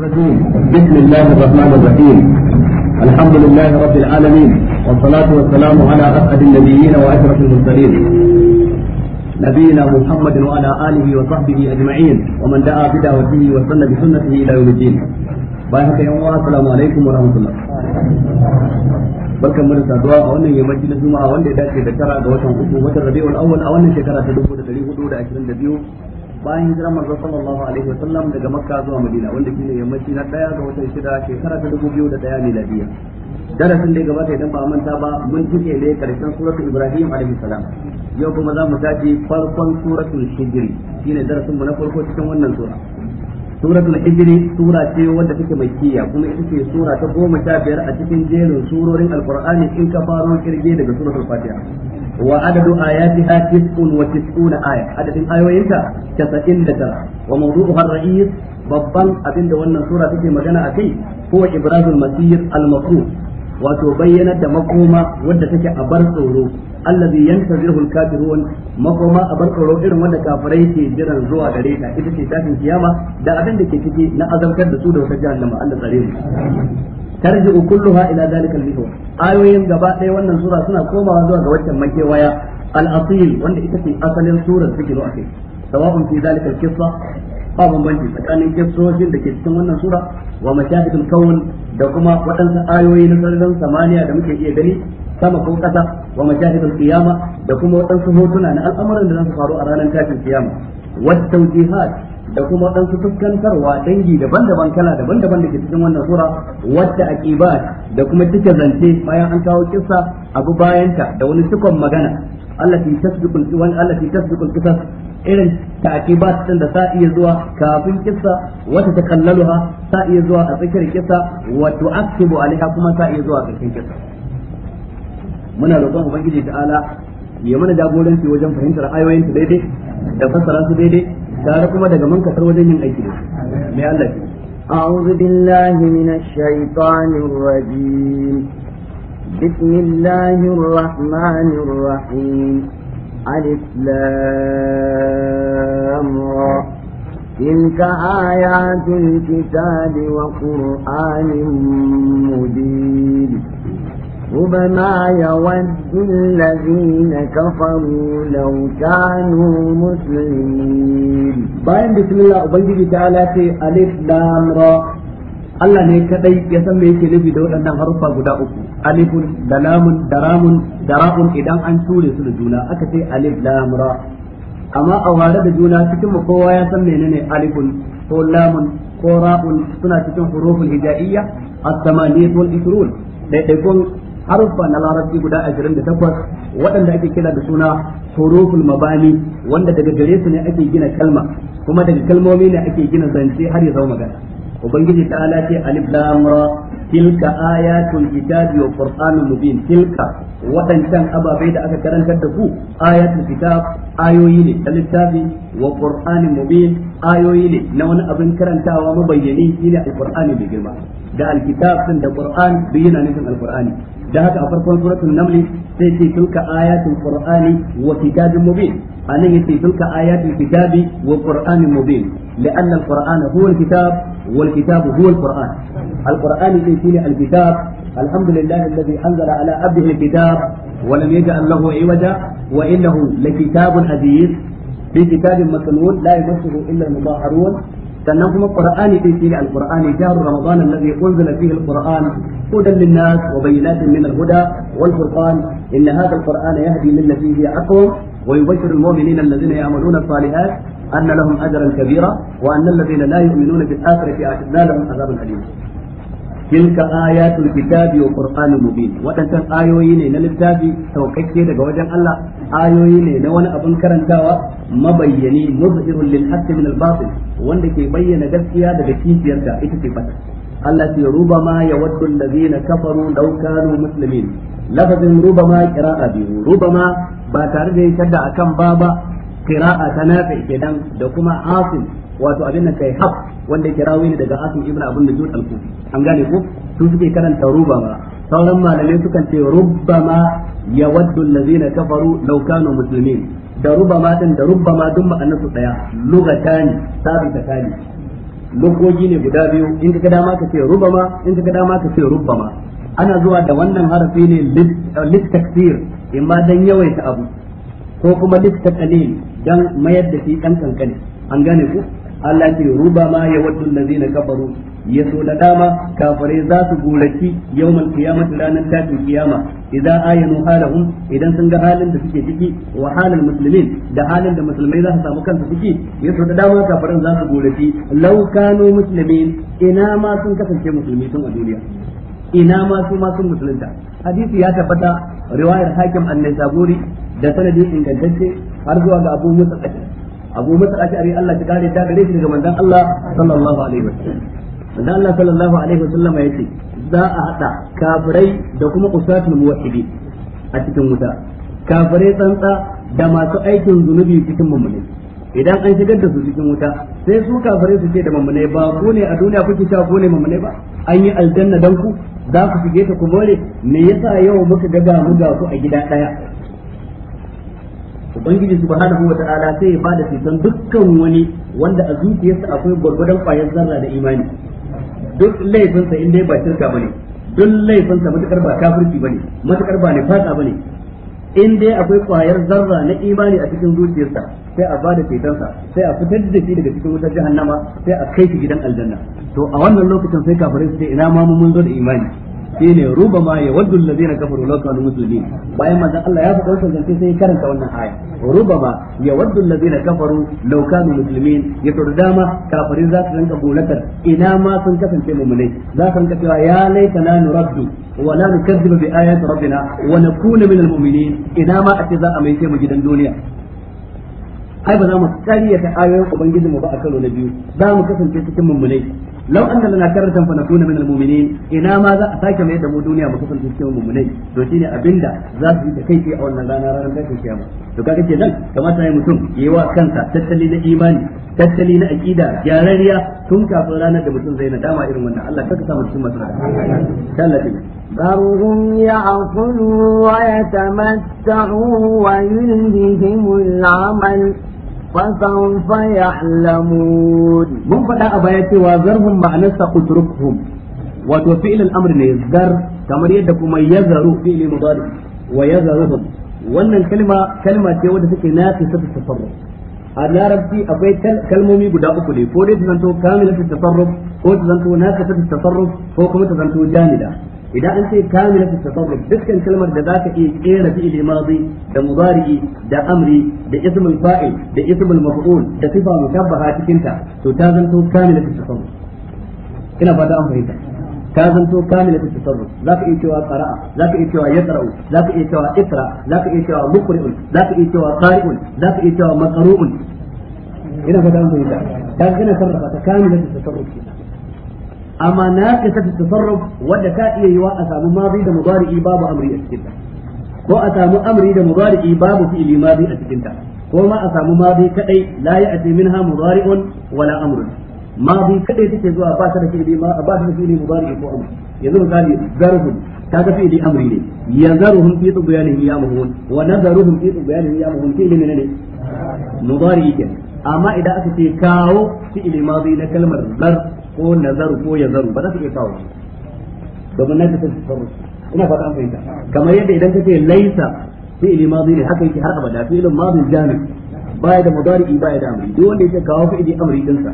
بسم الله الرحمن الرحيم الحمد لله رب العالمين والصلاة والسلام على أسعد النبيين وأشرف المرسلين نبينا محمد وعلى آله وصحبه أجمعين ومن دعا بدعوته وسن بسنته إلى يوم الدين بارك يوم السلام عليكم ورحمة الله barkan mu da saduwa a wannan yammaci na juma'a wanda ya dace da tara ga watan uku watan rabiul awwal a wannan shekara ta 1422 bayan hijira manzo sallallahu alaihi wa sallam daga makka zuwa madina wanda shine yammaci na daya ga watan shida shekara ta dubu biyu da daya miladiya darasin da ya gabata idan ba manta ba mun cike ne karshen suratul ibrahim alaihi salam yau kuma za mu tafi farkon suratul hijri shine darasin mu na farko cikin wannan sura suratul hijri sura ce wadda take mai kiyya kuma ita ce sura ta goma sha biyar a cikin jerin surorin alqur'ani in ka faro kirge daga suratul fatiha وعدد آياتها تسع وتسعون آية عدد آيوينك كسئن لترى وموضوعها الرئيس babban abin da wannan sura take magana a kai huwa ibrazul masir al wato bayyanar da makoma wadda take a bar tsoro allazi yantazirul kafirun makoma a bar tsoro irin wanda kafirai ke jiran zuwa gare ta ita ce tashin kiyama da abin da ke ciki na azabtar da su da wata jahannama Allah tsare mu tarji'u kulluha ila zalika al ayoyin gaba ɗaya wannan sura suna komawa zuwa ga waccan makewaya al-asil wanda ita ce asalin surar take zo akai sawa'un fi zalika qissa ba bambanci tsakanin kissoshin da ke cikin wannan sura wa mashahidul kawun da kuma waɗansu ayoyi na sararin samaniya da muke iya gani sama ko ƙasa wa mashahidul kiyama da kuma waɗansu hotuna na al'amuran da za su faru a ranar tashin kiyama wata tawjihat da kuma waɗansu fuskantarwa dangi daban-daban kala daban-daban da ke cikin wannan sura wata akiba da kuma cike zance bayan an kawo kissa abu bayanta da wani cikon magana allati tasbiqul wani allati tasbiqul qisas irin ta'qibat din da sa iya zuwa kafin kissa wata ta kallaluha sa iya zuwa a tsakiyar kissa wa tu'aqibu alaiha kuma sa iya zuwa a kissa muna roƙon ubangiji ta'ala ya mana jagoranci wajen fahimtar ayoyin su daidai da fassara su daidai tare kuma daga kasar wajen yin aiki da mai Allah أعوذ بالله من الشيطان الرجيم بسم الله الرحمن الرحيم ألف لامرى تلك آيات الكتاب وقرآن مبين ربما يود الذين كفروا لو كانوا مسلمين باين بسم الله أبنجي تعالى ألف را الله نيكا kadai يسميك لبدو me yake nufi alifun da lamun da ramun da ra'un idan an ture su da juna aka ce alif lam ra amma a ware da juna cikin mu kowa ya san menene alifun ko lamun ko ra'un suna cikin huruful hijaiyya as-samaniyat wal isrun daidaikun haruffa na larabci guda 28 waɗanda ake kira da suna huruful mabani wanda daga gare su ne ake gina kalma kuma daga kalmomi ne ake gina zance har ya zama magana ubangiji ta ala ce alif lam ra tilka ayatul kitabi wa qur'anun mubin tilka wadancan ababai da aka karantar da ku ayatul kitab ayoyi ne ta littafi wa qur'anun mubin ayoyi ne na wani abin karantawa mabayyani shine alqur'ani mai girma da alkitab din da qur'an bayyana nufin alqur'ani da haka a farkon suratul naml sai ce tilka ayatul qur'ani wa kitabin mubin عليه في تلك آيات الكتاب والقرآن المبين لأن القرآن هو الكتاب والكتاب هو القرآن القرآن في يأتي الكتاب الحمد لله الذي أنزل على عبده الكتاب ولم يجعل له عوجا وإنه لكتاب عزيز في كتاب مسنون لا يمسه إلا المظاهرون تنظم القرآن في القرآن شهر رمضان الذي أنزل فيه القرآن هدى للناس وبينات من الهدى والفرقان إن هذا القرآن يهدي للتي هي أقوم ويبشر المؤمنين الذين يعملون الصالحات أن لهم أجرا كبيرا وأن الذين لا يؤمنون بالآخرة أعتدنا لهم عذابا أليما تلك آيات الكتاب وقرآن مبين وتنسان آيوين إن الكتاب توقيتي لك وجه الله آيوين إن وانا أبن كرنتاوى مبيني مظهر للحق من الباطل وانك يبين دفئها دفئي سيرتا إتسي فتح Allah ce rubama ya waddu allazina kafaru law kanu muslimin lafazin rubama qira'a biyu rubama ba tare da yadda akan ba ba qira'a ta nafi kenan da kuma asim wato abin nan kai haf wanda ke rawi ne daga asim ibnu abun da al-kufi an gane ko su suke karanta rubama sauran malamai sukan ce rubama ya waddu allazina kafaru law kanu muslimin da rubama din da rubama duk ma'anarsu daya lugatani sabita tani lugogi ne guda biyu in ka dama ka rubama in ka dama ka rubama ana zuwa da wannan harafi ne lit eh, in ma dan yawaita abu ko kuma lit takalil dan mayar da shi dan kankane an gane ku Allah ce ruba ma ya waddu allazina kafaru ya so da dama kafare za su guraki yawmal qiyamati ranar tashin kiyama idan ayanu halahum idan sun ga halin da suke ciki wa halal muslimin da halin da musulmai za su samu kansu ciki ya so da dama kafaran za su guraki law kanu muslimin ina ma sun kasance musulmi tun a duniya ina ma su ma sun musulunta hadisi ya tabbata riwayar hakim an-nisaburi da sanadi ingantacce har zuwa ga abu musa abu musa ashari Allah shi kare ta gare shi daga manzon Allah sallallahu alaihi wasallam manzon Allah sallallahu alaihi wasallam ya ce za a hada kafirai da kuma usatul muwahhidin a cikin wuta kafirai tsantsa da masu aikin zunubi cikin mummune idan an shigar da su cikin wuta sai su kafirai su ce da mummune ba ku ne a duniya kuke cewa ku ne mummune ba an yi aljanna dan ku za ku shige ta ku more me yasa yau muka ga ga mu ga ku a gida daya ubangiji subhanahu wa ta'ala sai ya bada fitan dukkan wani wanda a zuciyarsa akwai gwargwadon kwayar zarra da imani duk laifinsa in dai ba shirka bane duk laifinsa matukar ba kafirci bane matukar ba nifasa bane in dai akwai kwayar zarra na imani a cikin zuciyarsa sai a bada fitansa sai a fitar da shi daga cikin wutar jahannama sai a kai shi gidan aljanna to a wannan lokacin sai kafirai su ce ina ma mun zo da imani shine rubama yawaddu allazina kafaru law kanu muslimin bayan manzon Allah ya faɗa wannan zance sai karanta wannan aya rubama yawaddu allazina kafaru law kanu muslimin ya to dama kafirin za su rinka bulatar ina ma sun kasance mu'minai za su rinka cewa ya laitana nuraddu wa la nukazzibu bi ayati rabbina wa nakuna min mu'minin ina ma ace za a mai mu gidan duniya ai ba za mu kariya ta ayoyin ubangijinmu ba a kano na biyu za mu kasance cikin mummunai law anna lana karratan fa nakuna min almu'minin ina ma za a sake mai da mu duniya mu kasance cikin mu'minai to shine abinda za su yi da kai a wannan rana ranar da kake kiyama to kaga kenan kamata ya mutum yayi wa kansa tattali na imani tattali na aqida gyararriya tun kafin ranar da mutum zai na a irin wannan Allah ka sa mu cikin masana Allah ذرهم يعقلوا ويتمتعوا ويلههم العمل فسوف يعلمون من فدا أبايا سوى ذرهم معنى ne وتوفيل kamar yadda kuma يدكم يزر فعل مضارع ويزرهم wannan kalma kalma ce wadda take ta tasarruf a larabci akwai kalmomi guda uku ne ko dai ta zanto kamilatu tasarruf ko ta zanto ta tasarruf ko kuma ta zanto janida idan an ce ta tadarrub dukkan kalmar da za ka iya kera fi'il madi da mudari'i da amri da ismul fa'il da ismul maf'ul da sifa mutabbaha cikin ta to ta zanto ta tadarrub ina fata an fahimta ka zanto kamilatu za ka iya cewa qara'a ka iya cewa yaqra'u ka iya cewa za ka iya cewa za ka iya cewa za ka iya cewa maqru'un ina fata an fahimta ka kana sarrafa ta kamilatu tasarruf kenan amma na kasa ta tasarruf wanda ka iya yiwa a samu madi da mudari'i babu amri a cikin ko a samu amri da mudari'i babu fi'li madi a cikin ko ma a samu madi kadai la ya'ti minha mudari'un wala amrun madi kadai take zuwa ba ta da fi'li ma ba ta da fi'li mudari'i ko amri yanzu misali zarhun kaga fi'li amri ne yanzaruhum fi tubyanihi yamhun wa nadaruhum fi tubyanihi yamhun fi'li menene mudari'i kenan amma idan aka ce kawo fi'li na kalmar zar ko nazaru ko yazaru ba za su iya kawo domin na tafi tasarruf ina fata an fahimta kamar yadda idan ka kace laisa fi'li madi ne haka yake har abada fi'lun madi jami baya da mudari baya da amri duk wanda yake kawo fi'li amri din sa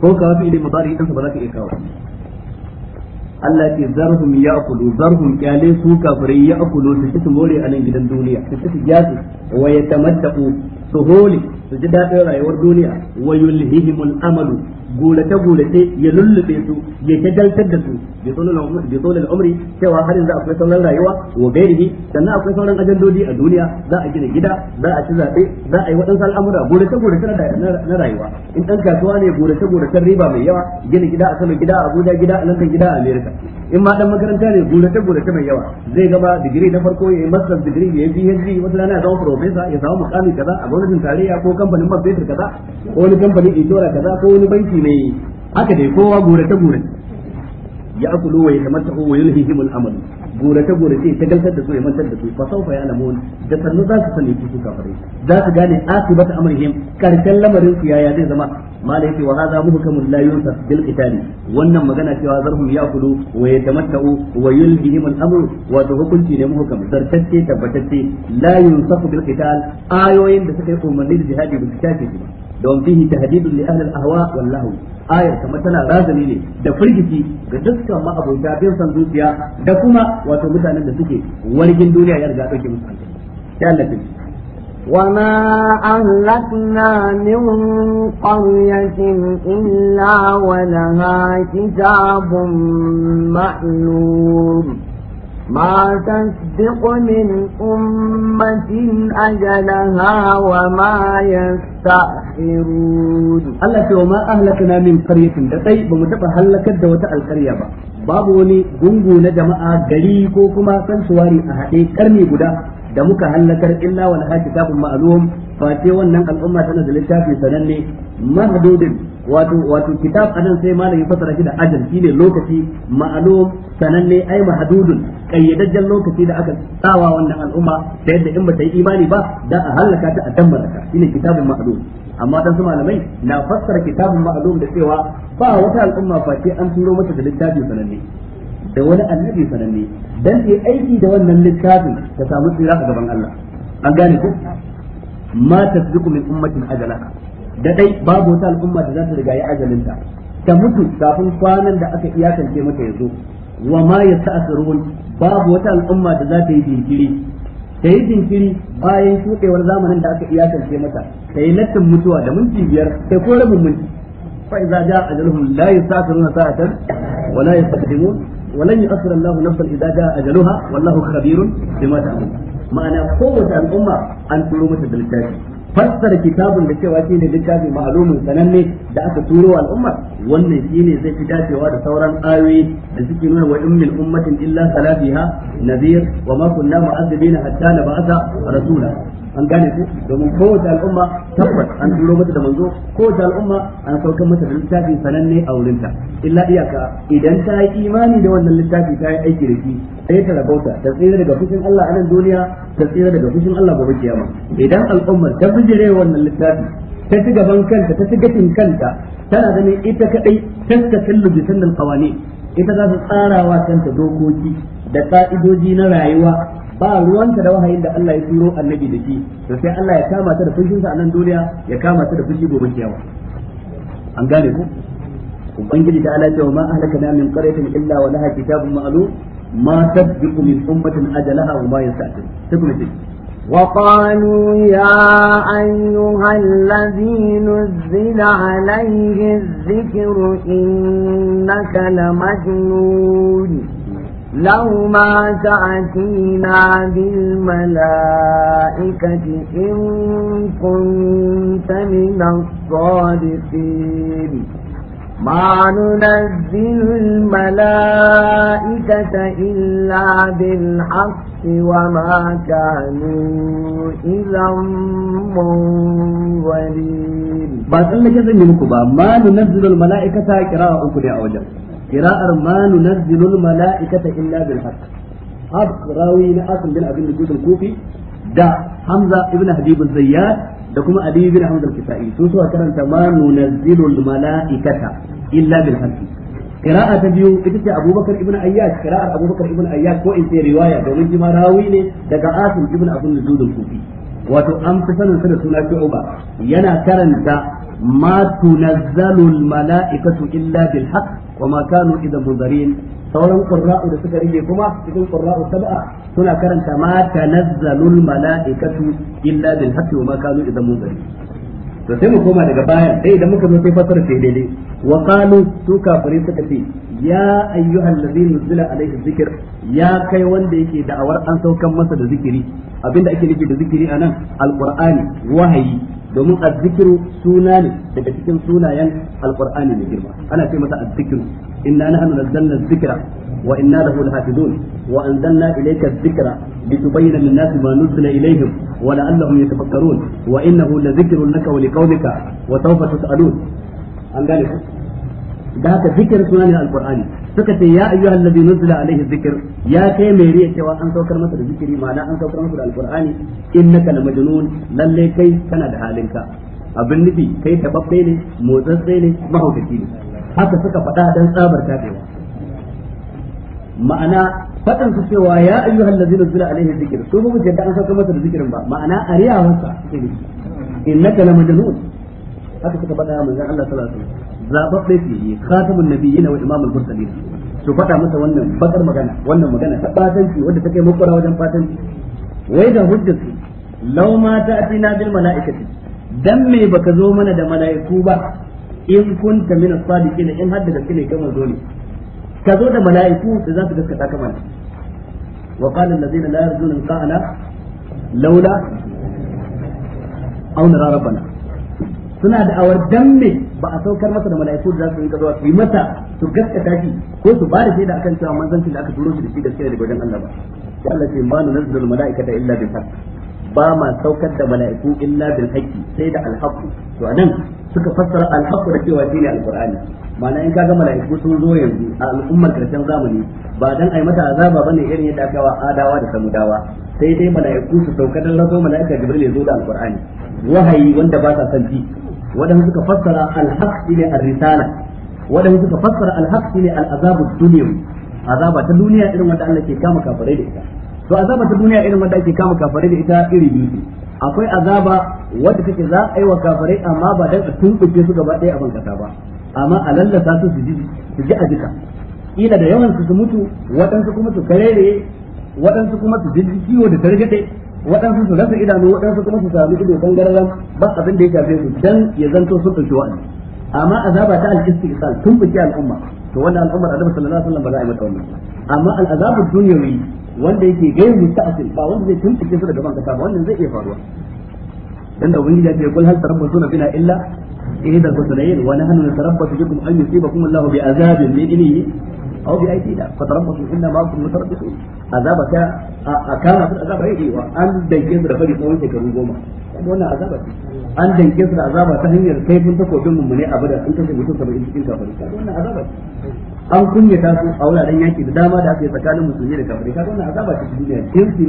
ko kawo fi'li mudari din sa ba za ka iya kawo Allah ke zarhum ya'kulu zarhum kyale su kafirai ya'kulu su ci more a nan gidan duniya su ci yasu wa ya yatamattaqu su hole su ji daɗin rayuwar duniya wa yulhihimul amalu gulace gulace ya lullube su ya shagaltar da su bi tsolal umri cewa har yanzu akwai sauran rayuwa wa gairihi sannan akwai sauran ajandodi a duniya za a gina gida za a ci zaɓe za a yi waɗansu al'amura gulace gulace na rayuwa in ɗan kasuwa ne gulace gulace riba mai yawa gina gida a sama gida a abuja gida a lantan gida a america in ma dan makaranta ne gulace gulace mai yawa zai gama digiri na farko ya yi master's digiri ya yi phd wata rana ya zama professor ya samu mukami kaza a gwamnatin tarayya ko kamfanin man fetur kaza ko wani kamfanin inshora kaza ko wani banki ne haka dai kowa gure ta gure ya akulu wa yatamattahu wa yulhihim al-amal gurace gurace ta galtar da su ya mantar da su fa sawfa ya'lamun da sannu za su sani su kafare za su gane akibata amrihim karshen lamarin su yaya zai zama malai ce wa hadha muhkamun la yunsaf bil qitali wannan magana cewa zarhum ya'kulu wa yatamattahu wa yulhihim al-amr wa hukunci ne muhkam zartacce tabbatacce la yunsaf bil qital ayoyin da suka yi umarni da jihadi bil kitabi don fihi tahdidun li ahli al-ahwa wal lahw ayar tana razani ne da firgici ga dukkan ma'abota bin san zuciya da kuma wato mutanen da suke wargin duniya ya riga dauke musu hankali sai Allah ta وما أهلكنا من قرية إلا ولها كتاب معلوم ما تسبق من أمة أجلها وما يستأخرون الله سوى ما أهلكنا من قرية دقي بمتبع هلك الدوة القرية با babu wani gungu na jama'a gari ko kuma sansuwari a haɗe karni guda da muka hallakar illa wal hakikafun ma'lum fa sai wannan al'umma tana da littafi sananne mahdudin wato wato kitab nan sai malami fasara shi da ajal shine lokaci ma'lum sananne ai mahdudun kayyadajjen lokaci da aka tsawa wannan al'umma da yadda in bata yi imani ba da a halaka ta a ka shi shine kitabun ma'lum amma dan su malamai na fassara kitabun ma'lum da cewa ba wata al'umma ba ce an turo mata da littafi sananne da wani annabi sananne dan yi aiki da wannan littafin ta samu tsira a gaban Allah an gane ku ma tasbiqu min ummatin ajalaha da dai babu wata al'umma da za ta riga ya ajalinta ta mutu kafin kwanan da aka iyakance mata ya zo wa ma yasta'sirun babu wata al'umma da za ta yi jinkiri ta yi jinkiri bayan shuɗewar zamanin da aka iyakance mata ta yi lattin mutuwa da minti biyar sai ko rabin minti fa idza jaa ajaluhum la yasta'siruna sa'atan wa la yastaqdimun wa lan yu'akhkhira Allahu nafsan idza jaa ajaluha wallahu khabirun bima ta'malun ma'ana kowace al'umma an turo mata da littafi fassara kitabun da cewa shi ne littafi ma'alumin sananne da aka turo wa al'umma wannan shi ne zai fi dacewa da sauran ayoyi da suke nuna wa ummil ummatin illa salafiha nazir wa ma kunna mu'azzibina hatta nab'atha rasula an gane ku domin kowace al'umma tabbas an turo mata da manzo kowace al'umma an saukar mata da littafi sananne a wurinta illa iyaka idan ta yi imani da wannan littafi ta yi aiki da shi sai ta rabauta ta tsira daga fushin Allah a nan duniya ta tsira daga fushin Allah gobe kiyama idan al'ummar ta bijire wannan littafi ta ci gaban kanta ta ci gashin kanta tana ganin ita kadai taska kallu da sanan ita za ta tsara wa kanta dokoki da ka'idoji na rayuwa ba ruwanta da wahayin da Allah ya turo annabi da shi to sai Allah ya kama ta da fushin sa a nan duniya ya kama ta da fushi gobe kiyawa an gane ku ubangiji ta Allah ce ma na min qaryatin illa wa laha kitabun ma'lum ma tadbiqu min ummatin ajalaha wa ma yasta'tin sai kuma وقالوا يا أيها الذي نزل عليه الذكر إنك لمجنون لو ما تأتينا بالملائكة إن كنت من الصادقين ما ننزل الملائكة إلا بالحق وما كانوا إذا منظرين بس أنك زي ما ننزل الملائكة قراءة أكل أوجه قراءة ما ننزل الملائكة إلا بالحق أب راوي نأسم بن أبي الجود kufi da hamza ibn habib الزيات da kuma Ali bin Ahmad al-Kisa'i su suka karanta ma nunazzilul malaikata illa bil haqqi qira'a ta biyu ita ce Abubakar ibn Ayyash qira'ar Abubakar ibn Ayyash ko in ce riwaya domin jima rawi ne daga Asim ibn Abdul Jud kufi wato an fi sanin sa da suna Shu'ba yana karanta ma tunazzalul malaikatu illa bil haqq wa ma kanu idan munzarin sauran qurra'u da suka rige kuma cikin qurra'u sab'a suna karanta ma tanazzalul mala'ikatu illa bil haqqi wa ma kanu idan munzarin to sai mu koma daga baya dai idan muka zo sai fasara sai daidai wa qalu su kafirai suka ce ya ayyuhal ladzi nuzila alaihi dhikr ya kai wanda yake da'awar an saukan masa da zikiri abinda ake nufi da zikiri anan alqur'ani wahayi domin azzikiru suna ne daga cikin sunayen alqur'ani mai girma ana ce masa azzikiru inna nahnu nazzalna dhikra wa inna lahu lahafizun wa anzalna ilayka dhikra litubayyana lin-nasi ma nuzila ilayhim wa la'allahum yatafakkarun wa innahu ladhikrun laka wa liqaumika wa sawfa tus'alun an gane da haka zikir suna ne alqur'ani suka ce ya ayyuhal ladhi nuzila alaihi zikir ya kai mai riya cewa an saukar masa da zikiri ma'ana an saukar masa da alqur'ani innaka lamajnun lalle kai kana da halinka abin nufi kai tababbe ne motsatse ne mahaukaci ne haka suka faɗa dan tsabar kafewa ma'ana faɗin su cewa ya ayyuhal ladhi nuzila alaihi zikir su ba mu jadda an saukar masa da zikirin ba ma'ana ariyawarsa innaka lamajnun haka suka faɗa manzon Allah sallallahu alaihi wasallam zababbe fiye khatamun nabiyina wa imamul mursalin su faɗa masa wannan bakar magana wannan magana ta batanci wanda ta kai makwara wajen batanci wai ga hujjatu law ma ta'tina bil mala'ikati dan me baka zo mana da mala'iku ba in kunta min as-sadiqin in hadda da kine kamar zo ne ka zo da mala'iku da za su gaskata ka mana wa qala allazina la yarjuna liqa'ana laula aw nara rabbana suna da awar dan me ba a saukar masa da mala'iku da za su rinka zuwa su yi masa su gaskata shi ko su ba da shaida akan cewa manzancin da aka turo shi da shi gaskiya da gwajin Allah ba ya Allah ce ma nunzilul mala'ikata illa bil haqq ba ma saukar da mala'iku illa bil haqq sai da al haqq to anan suka fassara al haqq da cewa shine al qur'ani ma'ana in kaga mala'iku sun zo yanzu a al'ummar karshen zamani ba dan ai mata azaba bane irin yadda aka wa adawa da samudawa sai dai mala'iku su sauka dan razo mala'ika jibril ya zo da al qur'ani wahayi wanda ba sa san ji wadanda suka fassara al-haq shine ar-risala wadanda suka fassara al-haq shine al-azabu dunyawi azaba ta duniya irin wanda Allah ke kama kafirai da ita to azaba ta duniya irin wanda ake kama kafirai da ita iri biyu akwai azaba wanda take za a yi wa kafirai amma ba dan a tunkuke su gaba ɗaya a ban kasa ba amma a lallasa su su ji su ji a jika ila da yawan su su mutu waɗansu kuma su karere waɗansu kuma su ji ciwo da targaɗe waɗansu su rasa idanu waɗansu kuma su sami ido gangaren ba abin da ya shafe su dan ya zanto su ɗauki wa'azi amma azaba ta al-istiqsal tun fice al'umma to wannan al'ummar annabi sallallahu alaihi wasallam ba za a yi mata wannan amma al-azabu dunyawi wanda yake gairu musta'sil ba wanda zai tuntuke su daga ban kasa ba wannan zai iya faruwa dan da ubangiji ya ce kul hal tarabbasuna bina illa ihdal husnayn wa nahnu natarabbasu bikum an yusibakum Allahu bi azabin min ilayhi أو بأيدينا فتربصوا إنا معكم متربصون عذابك أكان في العذاب أيدي وأن دنجز رفاقي قوي تكرون قوما وانا عذابك أن دنجز عذاب تهني كيف انت كو جمم مني أبدا انت سيبوتون سبعين سبعين كافرين وانا عذابك an kunya ta su a wuraren yaki da dama da aka yi tsakanin musulmi da kafirai kaga wannan azaba ce duniya jinsi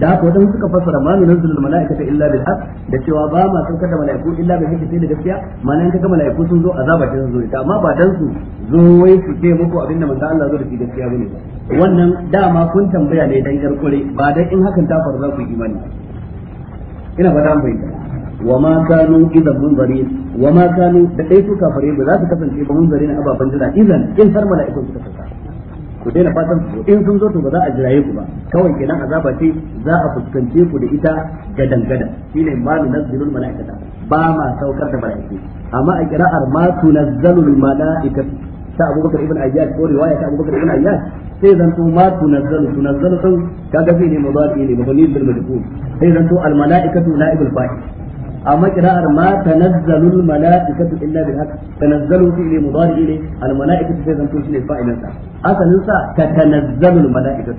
da haka wajen suka fassara ma min nazzul malaikata illa bil haqq da cewa ba ma sun kada malaiku illa bil haqq sai da gaskiya ma'ana in kaga malaiku sun zo azaba ta zo ita amma ba dan su zo wai su ce muku abin da manzo Allah zo da shi gaskiya bane wannan dama kun tambaya ne dan garkure ba dan in hakan ta faru za ku imani ina fata an bayyana wa ma kanu idan munzarin wa ma kanu da dai su kafare ba za su kasance ba na ababan jira idan in sar malaiku suka kasance ku daina fatan in sun zo to ba za a jiraye ku ba kawai kenan azaba ce za a fuskance ku da ita gadan gadan shine ma nunazzilul malaikata ba ma saukar da malaikai amma a kira'ar ma tunazzalul malaika ta Abubakar ibn Ayyad ko riwaya ta Abubakar ibn Ayyad sai zan to ma tunazzalu tunazzalu sun kaga fi ne mudari ne mabni bil majhul sai zan to al malaikatu naibul fa'il amma kira'ar ma tanazzalul mala'ikatu illa bihaq tanazzalu fi ilmi mudari ilay al mala'ikatu fi zamtu shi ne fa'ilan sa asalin sa ta tanazzalul mala'ikatu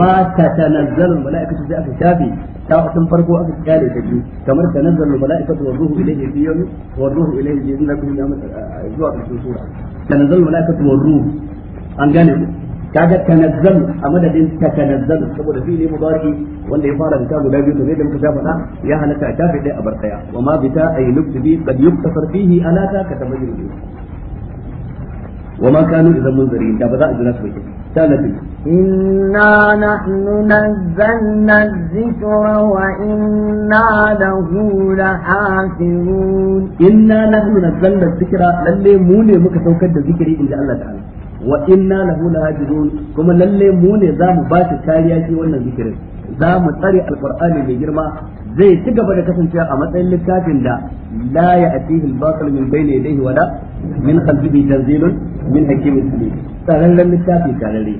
ma ta tanazzalul mala'ikatu sai aka shafi ta wasan farko aka kyale ta biyu kamar tanazzalul mala'ikatu wa ruhu ilayhi fi yawmi wa ruhu ilayhi yawmi zuwa cikin sura tanazzalul mala'ikatu wa ruhu an gane kaga tanazzal a madadin tatanazzalu saboda fi'li mudari wanda ya fara da guda biyu ne da muka faɗa, ya halatta a shafe ɗaya a bar ɗaya wa ma bita ay nuktibi qad yuktasar fihi alaka ka tamajjid wa ma kanu idan zari, da ba za a jira su ba ثالثا إنا نحن نزلنا الذكر وإنا له لحافظون إنا نحن نزلنا الذكر للي موني مكتوكد ذكري إن Allah تعالى wa inna lahu lahafizun kuma lalle mu ne za mu ba shi kariya shi wannan zikirin za mu tsare alqur'ani mai girma zai ci gaba da kasancewa a matsayin littafin da la ya'tihi al-batil min bayni yadayhi wala min khalfihi tanzilun min hakimin sabil tsararren littafi tsararre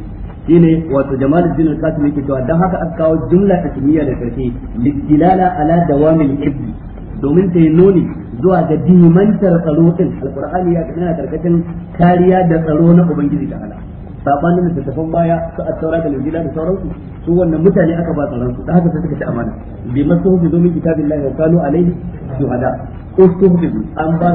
shine wato jama'ar din al-qasim yake cewa dan haka aka kawo jumla ta kimiyya da karshe listilala ala dawamil ibdi domin ta yi nuni zuwa ga dimantar tsaro din alqur'ani ya kana karkashin kariya da tsaro na ubangiji ta ala sabanin littattafan baya su a taura da linjila da sauransu su wannan mutane aka ba tsaron su da haka sai suka ci amana bi masu hufi zo min kitabillahi wa kanu alaihi shuhada ustuhfizu an ba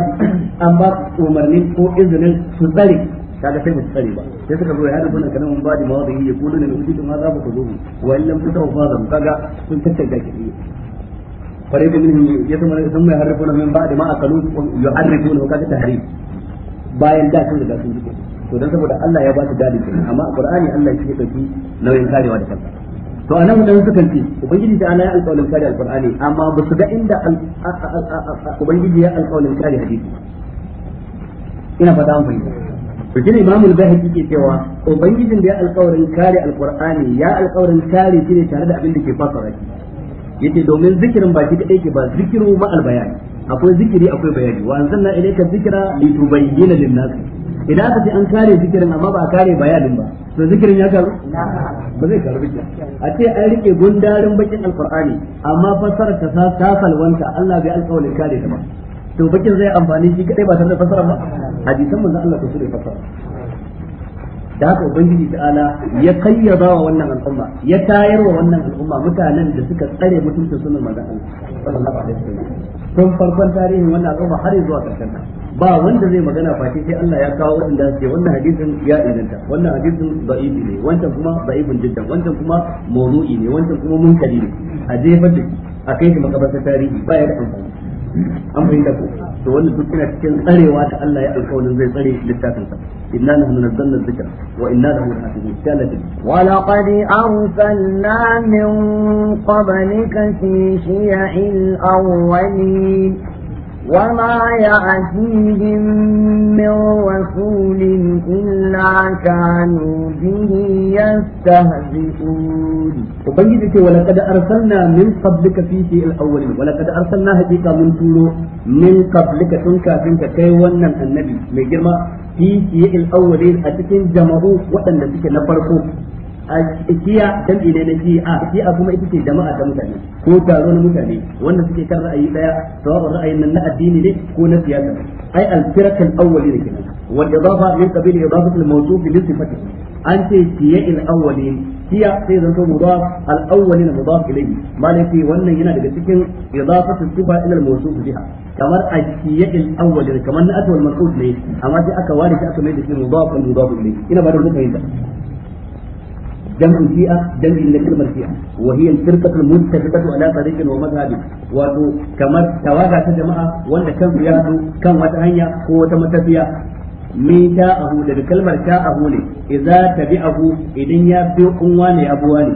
an ba umarnin ko izinin su tsare kaga sai ba su tsare ba sai suka zo ya hada sunan kana mun ba da mawadi ya kullu ne mutum ma za ku zo wa illam tutawu fa zam kaga sun tattaka ki فريق منهم ثم يحرفونه من بعد ما أكلوه يعرفونه كذا تحريف bayan da sun riga sun jike to dan saboda Allah ya ba su dadi kenan amma Qur'ani Allah shi dauki nauyin karewa da kansa to anan dan sukan ce ubangiji da Allah ya alƙawarin kare alqur'ani amma ba su ga inda ubangiji ya alƙawarin kare hadisi ina fata mun fahimta to shine Imam al-Bahaqi ke cewa ubangijin da ya alƙawarin kare alqur'ani ya alƙawarin kare shi ne tare da abin da ke fasara shi yace domin zikirin ba shi kadai ke ba zikiru ma albayani akwai zikiri akwai bayani wa anzalna ilayka dhikra litubayyana lin-nas idan aka ce an kare zikirin amma ba a kare bayanin ba to zikirin ya karu ba zai karu bikin a ce an rike gundarin bakin alqur'ani amma fasara ta ta salwanta Allah bai alƙawarin kare ta ba to bakin zai amfani shi kadai ba tare da fassara ba hadisan manzon Allah ko su da fassara da haka ubangiji ta'ala ya kayyaba wa wannan al'umma ya tayar wa wannan al'umma mutanen da suka tsare mutuncin sunan manzon Allah sallallahu alaihi wasallam tun farkon tarihin wannan al'umma har zuwa karshen ta ba wanda zai magana face sai Allah ya kawo wanda zai wannan hadisin ya inganta wannan hadisin da'ifi ne wancan kuma da'ifin jiddan wancan kuma mawdu'i ne wancan kuma munkari ne a jefar da a kai shi makabartar tarihi ba ya da amfani an fahimta ko to wannan duk yana cikin tsarewa da Allah ya alƙawarin zai tsare littafin sa إنا نحن نزلنا الذكر وإنا له لحافظون كانت ولقد أرسلنا من قبلك في شيع الأولين وما يأتيهم من رسول إلا كانوا به يستهزئون وبنجد ولقد أرسلنا من قبلك في الأولين ولقد أرسلنا هديك من طولو من قبلك تنكا تنكا كيوانا النبي مجرما في الأولين أتكين جمعوا وأن نبيك نفرقوا shiya jam'i ne na shi'a shi'a kuma ita ce jama'a ta mutane ko taro na mutane wanda suke kan ra'ayi daya sawabin ra'ayin nan na addini ne ko na siyasa ai al-firaq al-awwali ne kenan wal idafa min qabil idafat al-mawsuf li sifati an ce shiya al-awwali shiya sai zan so mudaf al-awwali na mudaf ilayhi malaki wannan yana daga cikin idafatu sifa ila al-mawsuf biha kamar a shiyadin awwal kamar na atwal marqud ne amma sai aka ware shi aka mai da shi mudafan mudafan ilayhi ina ba da kuka yin jam'in shi'a jam'in na kalmar shi'a wa hiya shirkatul muttafaqatu ala tariqin wa madhhabi wato kamar tawaga ta jama'a wanda kansu ya hadu kan wata hanya ko wata matafiya min ta'ahu daga kalmar ta'ahu ne idza tabi'ahu idan ya bi unwa ne abuwa ne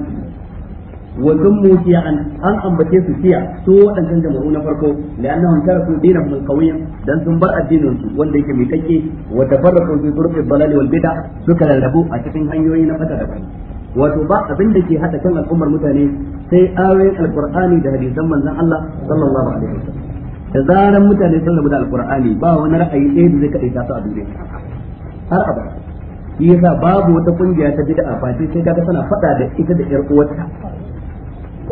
wa dummu an ambace su shi'a su wadannan jama'u na farko la'annahum taraku dinahum al-qawiyyan dan sun bar addinin wanda yake mai kake wa tafarraqu fi turuq ad-dalal wal bid'ah suka rarrabu a cikin hanyoyi na fata daban wato ba abin da ke hada kan al'ummar mutane sai ayoyin alqur'ani da hadisan manzon Allah sallallahu alaihi wasallam da zaran mutane sun rabu alqur'ani ba wani ra'ayi ɗaya da zai kaɗai ta su a duniya har abada shi yasa babu wata kungiya ta bid'a ba sai kaga tana fada da ita da yar uwarta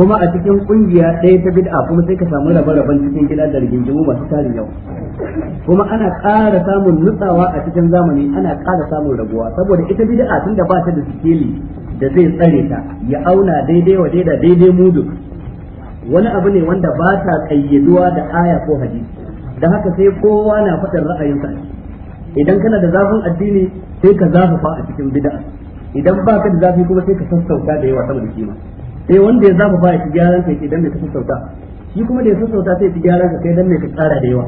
kuma a cikin kungiya ɗaya ta bid'a kuma sai ka samu rabe raban cikin gida da rigingimu masu tarin yau kuma ana ƙara samun nutsawa a cikin zamani ana ƙara samun raguwa saboda ita bid'a tun da ba ta da sikeli da zai tsare ta ya auna daidai wa daida daidai mudu wani abu ne wanda ba ta ƙayyaduwa da aya ko hadisi da haka sai kowa na faɗin ra'ayinsa idan kana da zafin addini sai ka zafafa a cikin bid'a idan ba ka da zafi kuma sai ka sassauta da yawa sama kima sai eh, wanda ya zaba ba ya gyaran kai idan mai ta sassauta shi kuma da ya sassauta sai ya gyaran ka kai dan mai ka tsara da yawa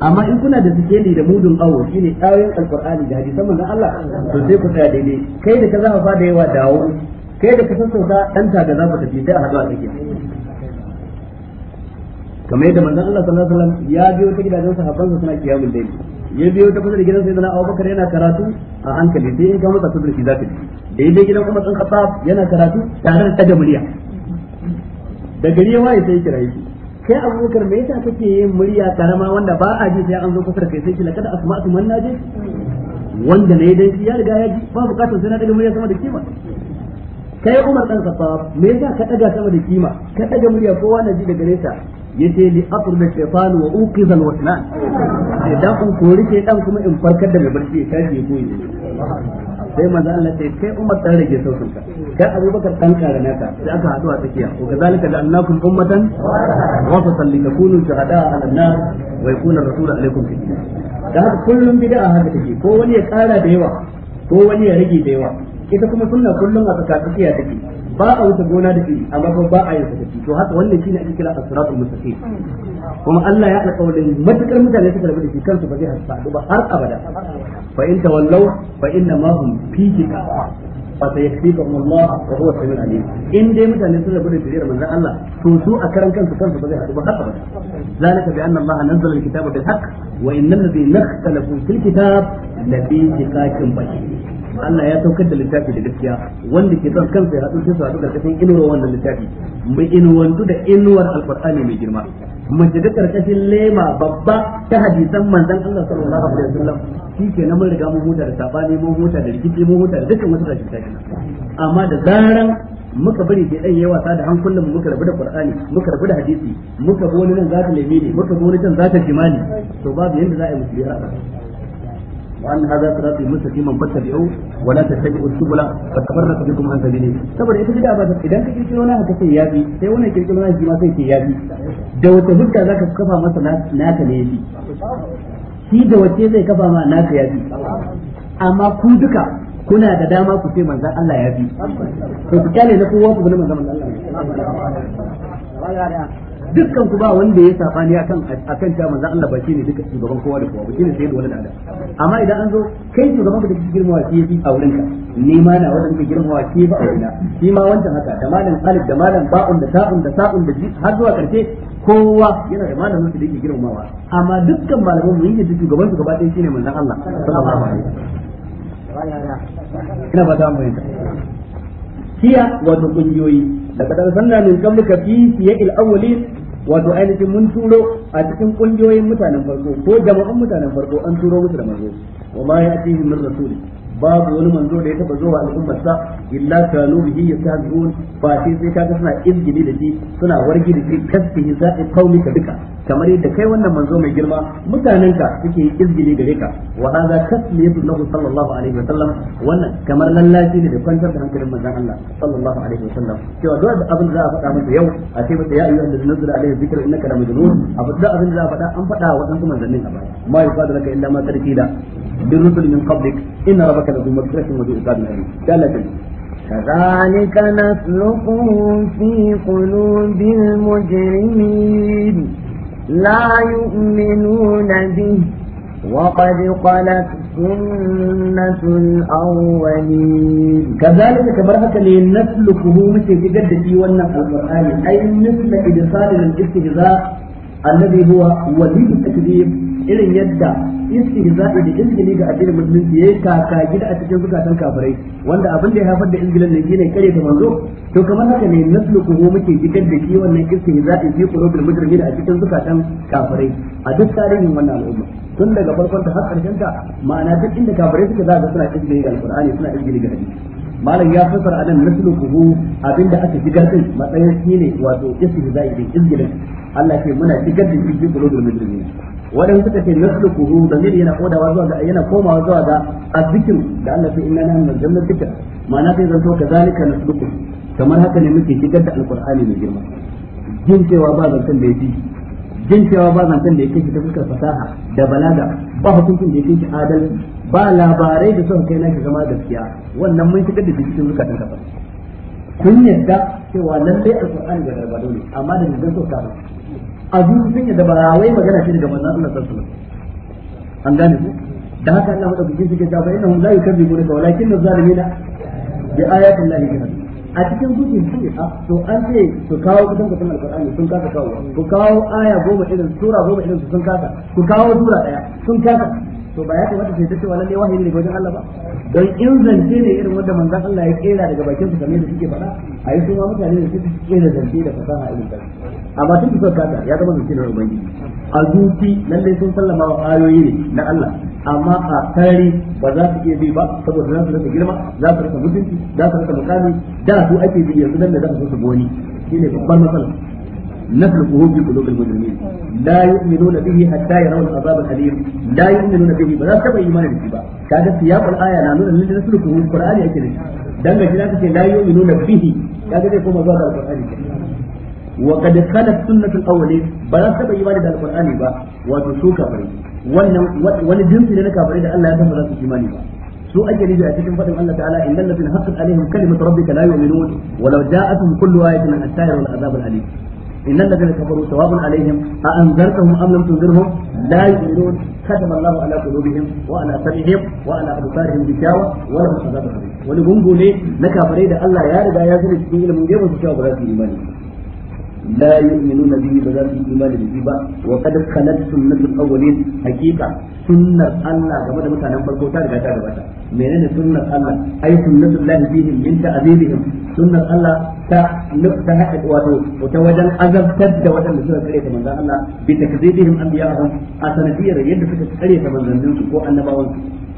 amma in kuna da sikeli da mudun awo shine ayoyin alqur'ani da hadisan manzon Allah to sai ku tsaya daidai kai da ka zaba da yawa dawo kai da ka sassauta dan ta ga zafafa tafi ta hadu a kike kamar yadda manzon Allah sallallahu alaihi wasallam ya biyo ta gidajen sa suna kiyamul layl ya biyo ta kusa da gidan sayyidina Abubakar yana karatu a hankali sai in ka masa sabri zaka ji da yi je gidan Umar dan Khattab yana karatu tare da taga murya da gari ya waye sai kira shi kai abubakar me yasa kake yin murya karama wanda ba a ji sai an zo kusa da kai sai ki lakada asma'atu man naji wanda ne dan shi ya riga ya ji ba bukatar sai na daga murya sama da kima kai Umar dan Khattab me yasa ka daga sama da kima ka daga murya kowa na ji da gare ta yace li aqrda shaytan wa uqiz al sai idan ku kori sai dan kuma in farkar da mai barci ya je ya koyi sai manzo Allah ce kai Umar dan rage sautin ka kai Abubakar dan kare naka sai aka haɗu a tsakiya ko kazalika da annakum ummatan wa fasalli takunu shuhada ala an wa yakuna ar-rasulu alaikum katiba da haka kullum bid'a haka take ko wani ya kara da yawa ko wani ya rage da yawa ita kuma sunna kullum a tsaka tsakiya take ba a wuce gona da iri amma kuma ba a yin sakaci to haka wannan shine ake kira as-siratul mustaqim kuma Allah ya alƙawarin matukar mutane suka rabu da shi kansu ba zai hasu ba har abada fa in tawallaw fa inna ma hum fi kitab fa sayakfikuhum Allah wa huwa samiul alim in dai mutane sun rabu da shiriyar manzon Allah to su a karan kansu kansu ba zai hasu ba har abada zalika bi anna Allah nazzala al-kitaba bil haqq wa innal ladhina ikhtalafu fil kitab lafi shiqaqin bayn Allah ya saukar da littafi da gaskiya wanda ke son kansa ya haɗu sai su haɗu karkashin inuwar wannan littafi mai inuwantu da inuwar alqur'ani mai girma mu shiga karkashin lema babba ta hadisan manzon Allah sallallahu alaihi wasallam shi ke na mun riga mun huta da sabani mun huta da rikici mun huta da dukkan wata tashi tashi amma da zaran muka bari ke dan yawa da hankulan mu muka rabu da qur'ani muka rabu da hadisi muka bi wani nan zata leme ne muka bi wani can zata jimani to babu yanda za a yi a biyar وأن هذا صراطي مستقيما فاتبعوه ولا تتبعوا السبل فتفرق بكم عن سبيله saboda ita bid'a ba idan ka kirkiro na ka sai yafi sai wannan kirkiro na shi ma sai ke yafi da wata hujja zaka kafa masa naka ne yafi shi da wace zai kafa ma naka yafi amma ku duka kuna da dama ku sai manzon Allah yafi to ku kyale na kowa ku bi manzon Allah dukkan ku ba wanda ya ni akan akan ta manzon Allah ba ne duka shugaban kowa da kowa ba ne sai da wani da amma idan an zo kai shugaban ka da kike girmawa shi yafi a wurinka ni ma na wanda kike girmawa shi ba a wurina shi ma wancan haka da malam alif da malam ba'un da Sa'un da sa'un da har zuwa karshe kowa yana da malamin da yake girmamawa amma dukkan malaman mu yake shugaban su gaba ɗaya shine manzon Allah sallallahu alaihi wasallam ina ba ta mu yanka hiya wato kungiyoyi da kadar sanna min kamluka fi siyaqil awwalin wato ainihin mun turo a cikin kungiyoyin mutanen farko ko jama'an mutanen farko an turo musu da manzo wa ma ya'tihim min rasuli babu wani manzo da ya taba zuwa al'ummar sa illa kanu bihi yastahzi'un fa sai sai kaga suna izgili da shi suna wargi da shi kasbihi za'i qaumika duka kamar yadda kai wannan manzo mai girma mutanenka suke izgili gare ka wa hadha tasliyatu lahu sallallahu alaihi wa sallam wannan kamar lallaci ne da kwantar da hankalin manzon Allah sallallahu alaihi wa sallam cewa duk abin da za a faɗa masa yau a ce masa ya ayyuhan ladina nuzila alaihi dhikra innaka la majnun abu da abin da za a faɗa an faɗa wa dan manzannin a baya ma yufadu laka illa ma tarkila bi rusul min qablik inna rabbaka وبعثنا في مدرسة وذو عقاب ثالثا كذلك نسلكه في قلوب المجرمين لا يؤمنون به وقد قلت سنة الأولين كذلك كبرهك لنسلكه مثل جدد في ونن القرآن أي مثل إدخال الاستهزاء الذي هو ولي التكذيب irin yadda istihza'i da izgili ga addinin musulunci ya yi kaka gida a cikin zukatan kafirai wanda abin da ya haifar da ingilan nan shine kare ta manzo to kamar haka ne nasluku ko muke fitar da shi wannan istihza'i fi qulubil a cikin zukatan kafirai a duk tarihin wannan al'umma tun daga farkon ta har karshen ta ma'ana duk inda kafirai suka zaga suna izgili ga alƙur'ani suna izgili ga hadisi malam ya fasar anan nasluku abinda aka shigar din matsayin shine wato istihza'i din izgilin Allah ce muna shigar da shi cikin kulubul mujrimin wadan suka ce da damir yana kodawa zuwa ga yana komawa zuwa ga azzikir da Allah ce inna nahnu nazzalna dhikra ma'ana sai zanto kazalika nasluqu kamar haka ne muke shigar da alqur'ani mai girma jin cewa ba zantan da yake jin cewa ba zantan da yake ta fuskar fasaha da balaga ba hukuncin da yake adal ba labarai da suka kai na ka zama gaskiya wannan mun shigar da cikin zukatan kafa kun yadda cewa lallai alqur'ani da garba dole amma da zan so ka abin sun da ba wai magana ce daga manzon Allah sallallahu alaihi wasallam an gane ku da haka Allah madaukakin suke cewa fa innahum la yukadzibuna ka walakin az-zalimina bi ayati Allah jahadu a cikin zuciyar su a ah, to an ce su kawo kusan kusan alqur'ani sun kasa kawo ku kawo aya goma irin sura goma irin sun kasa ku kawo sura daya sun kasa to ba ya kamata sai ta cewa lalle wahayi ne wajen Allah ba don in zance ne irin wanda manzon Allah ya kera daga bakin su kamar da suke faɗa a yi suma mutane da suke kera zance da fasaha irin ta amma tun kusa kata ya zama zance na ubangiji a zuci lalle sun sallama wa ayoyi ne na Allah amma a tare ba za su iya bi ba saboda za su rasa girma za su rasa mutunci za su rasa mukami da su ake bi yanzu dan da za su su goni shine babban matsala نخلقه في قلوب المجرمين لا يؤمنون به حتى يروا العذاب الأليم لا يؤمنون به بلا تبع إيمان بالسبا كاد سياق الآية نانون الذي نسلكه القرآن يكذب دم جناك لا يؤمنون به كاد يكون مزاد القرآن وقد خلت سنة الأولين بلا تبع إيمان بالقرآن با وتسوك فري ولجنس لنا كافرين ألا يتم ذات إيمان با su ake nufi a cikin faɗin Allah ta'ala innal ladina haqqat alaihim kalimatu rabbika la yu'minun walau ja'atuhum kullu ayatin hatta yarawul azab al-alim إن الذين كفروا سواء عليهم أأنذرتهم أم لم تنذرهم لا يؤمنون ختم الله على قلوبهم وعلى سمعهم وعلى أبصارهم بشاوة ولهم عذاب أليم ولهم بولي لك فريد الله يا رجا يا زلمة إلى من جيبه بشاوة بلا إيمانهم لا يؤمنون به بذات الإيمان به با وقد خلت سنة الأولين حقيقة سنة الله كما تمتع نمبر كوتا لك أتاك باتا منين سنة الله أي سنة الله فيهم من تأذيبهم سنة الله تحقق واتو وتوجن أذب تد وجن بسنة كرية من ذا الله بتكذيبهم أنبياءهم أسنتير يدفت كرية من ذنبهم وأنباهم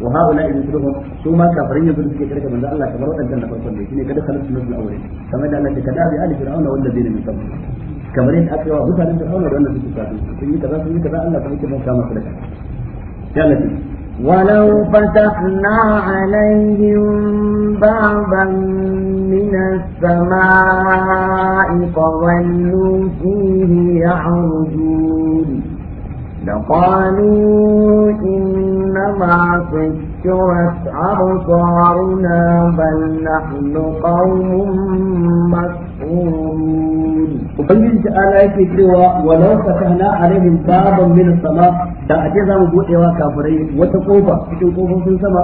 wa haula in sulhum su ma kafirin yanzu suke karka manzo Allah kamar wadannan da farkon ne shine kada khalaqtu nasul awwal kamar da Allah ya kada bi ali fir'auna wal ladina min qabl kamar yadda aka yi wa mutanen fir'auna da wannan suke kafin sun yi kaza sun yi Allah da ya ولو فتحنا عليهم بابا من السماء فظلوا فيه يعرجون لقالوا إنما سكرت أبصارنا بل نحن قوم مسؤولون وبنجي تعالى يكي سوى ولو فتحنا عليهم بابا من السماء da ake za mu buɗe wa kafirai wata kofa cikin kofofin sama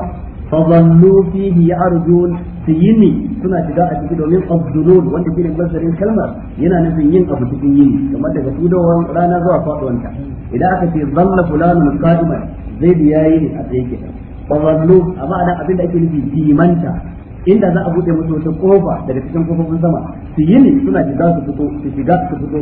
suna shiga a ciki domin abdulul wanda shine basarin kalma yana nufin yin abu cikin yini kamar daga tudowar rana zuwa faduwanta idan aka ce zalla fulanu qa'iman zai ya yi ne a tsaye kenan fa zallu amma abin da ake nufi kimanta inda za a bude musu wata kofa daga cikin kofofin sama su yi ne suna shiga su fito su shiga su fito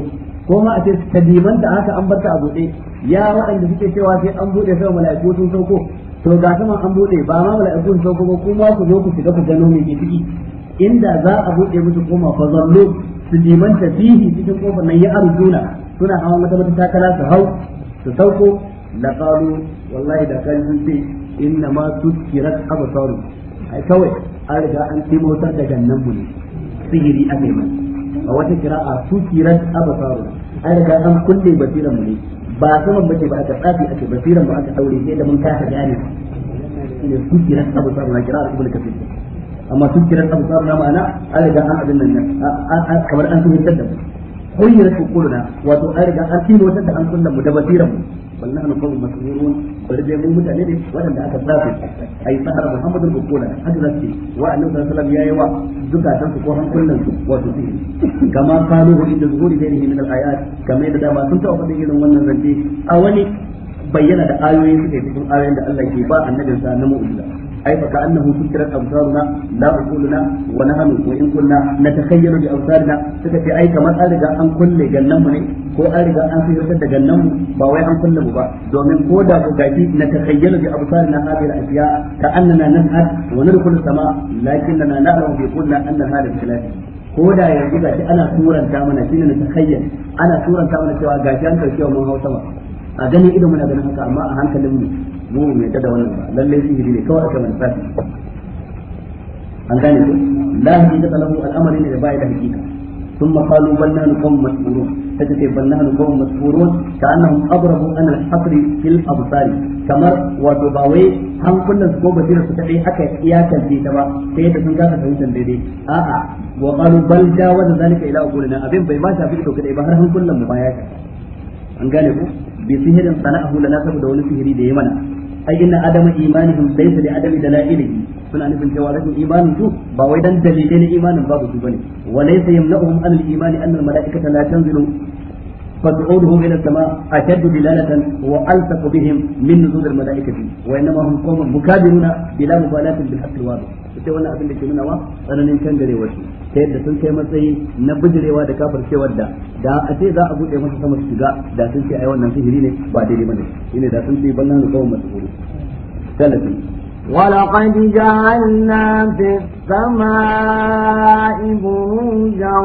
ko ma a ce ta dimanta haka an barta a buɗe, ya waɗanda suke cewa sai an buɗe sama mala'iku sun sauko to ga sama an buɗe ba ma mala'iku sun sauko ba kuma ku zo ku shiga ku gano me ke ciki inda za a buɗe musu koma fa zallu su diman tafihi cikin kofar nan ya arzuna suna hawan wata mata takala su hau su sauko la qalu wallahi da kan sun ce inna ma tukirat absaru ai kawai an riga an timotar da gannan mu ne sihiri akai mai a wata kira a kira'a tukirat absaru an riga an kulle basiran mu ne ba saman mace ba aka tsafi ake basiran ba aka daure sai da mun kasa gane ne tukirat absaru na kira'a ibnu kafir amma tun kiran abu sabu na ma'ana an riga an abin nan kamar an tuhidda da mu kuyyar kukuruna wato an riga an wata da an sunna mu da basiran mu wallan an kawo masrurun bari dai mun mutane ne waɗanda aka tsafe ai sahara muhammadul kukuna haka zai wa annabi sallallahu alaihi wasallam yayi wa zukatan su ko hankulan su wato su kama kalu inda zuhuri dai min al-ayat kamar da dama sun tawo fadin irin wannan zance a wani bayyana da ayoyin su da cikin ayoyin da Allah ke ba annabinsa na mu'jiza أي فكأنه سكرت أبصارنا لا عقولنا ونحن وإن كنا نتخيل بأبصارنا سكتي أي كما أرجع أن كل جنمني ko an riga an sai da gannan ba wai an kulle mu ba domin ko da ku gaji na takhayyalu bi absarina hadhihi al-ashya ka sama ko da yanzu gaji ana turanta mana shi na takhayyal ana turanta mana cewa gaji an kauce mun hau sama a ganin idan muna ganin haka amma a hankalin mu mu mai kada wannan ba lallai shi ne kawai aka manta shi an gane ko la hadi ta lahu al-amri ne da bai da hakika thumma qalu balna nakum masfurun kace sai balna nakum masfurun ka annahum abrabu an al-hasr fil absari kamar wato ba wai hankulan su ko bazira su kadai aka iyakan bi ta ba sai sun gasa da wutan daidai a'a wa qalu bal jawaza zalika ila ugulina abin bai ma shafi to kadai ba har hankulan mu ba ya an gane ku bi sihirin sana'ahu lana saboda wani sihiri da ya mana ayyin na adama imanihim bai su da adami da la'ilihi suna nufin cewa rashin imanin su ba wai dan dalilai na imanin babu su bane wa laysa yamna'uhum an al-imani an al-mala'ika la tanzilu fa tu'uduhum ila as-sama' ashaddu bilalatan wa altaqu bihim min nuzul al-mala'ikati wa innama hum qawmun mukadiruna bila mubalatin bil-haqqi wa sai wannan abin da ke nuna wa tsananin kan su ta yadda sun kai matsayi na bijirewa da kafar cewar da da a ce za a buɗe masa sama su shiga da sun ce ai wannan sihiri ne ba daidai bane ne da sun ce ballan da kawai masu huru salafi ولقد جعلنا في السماء بروجا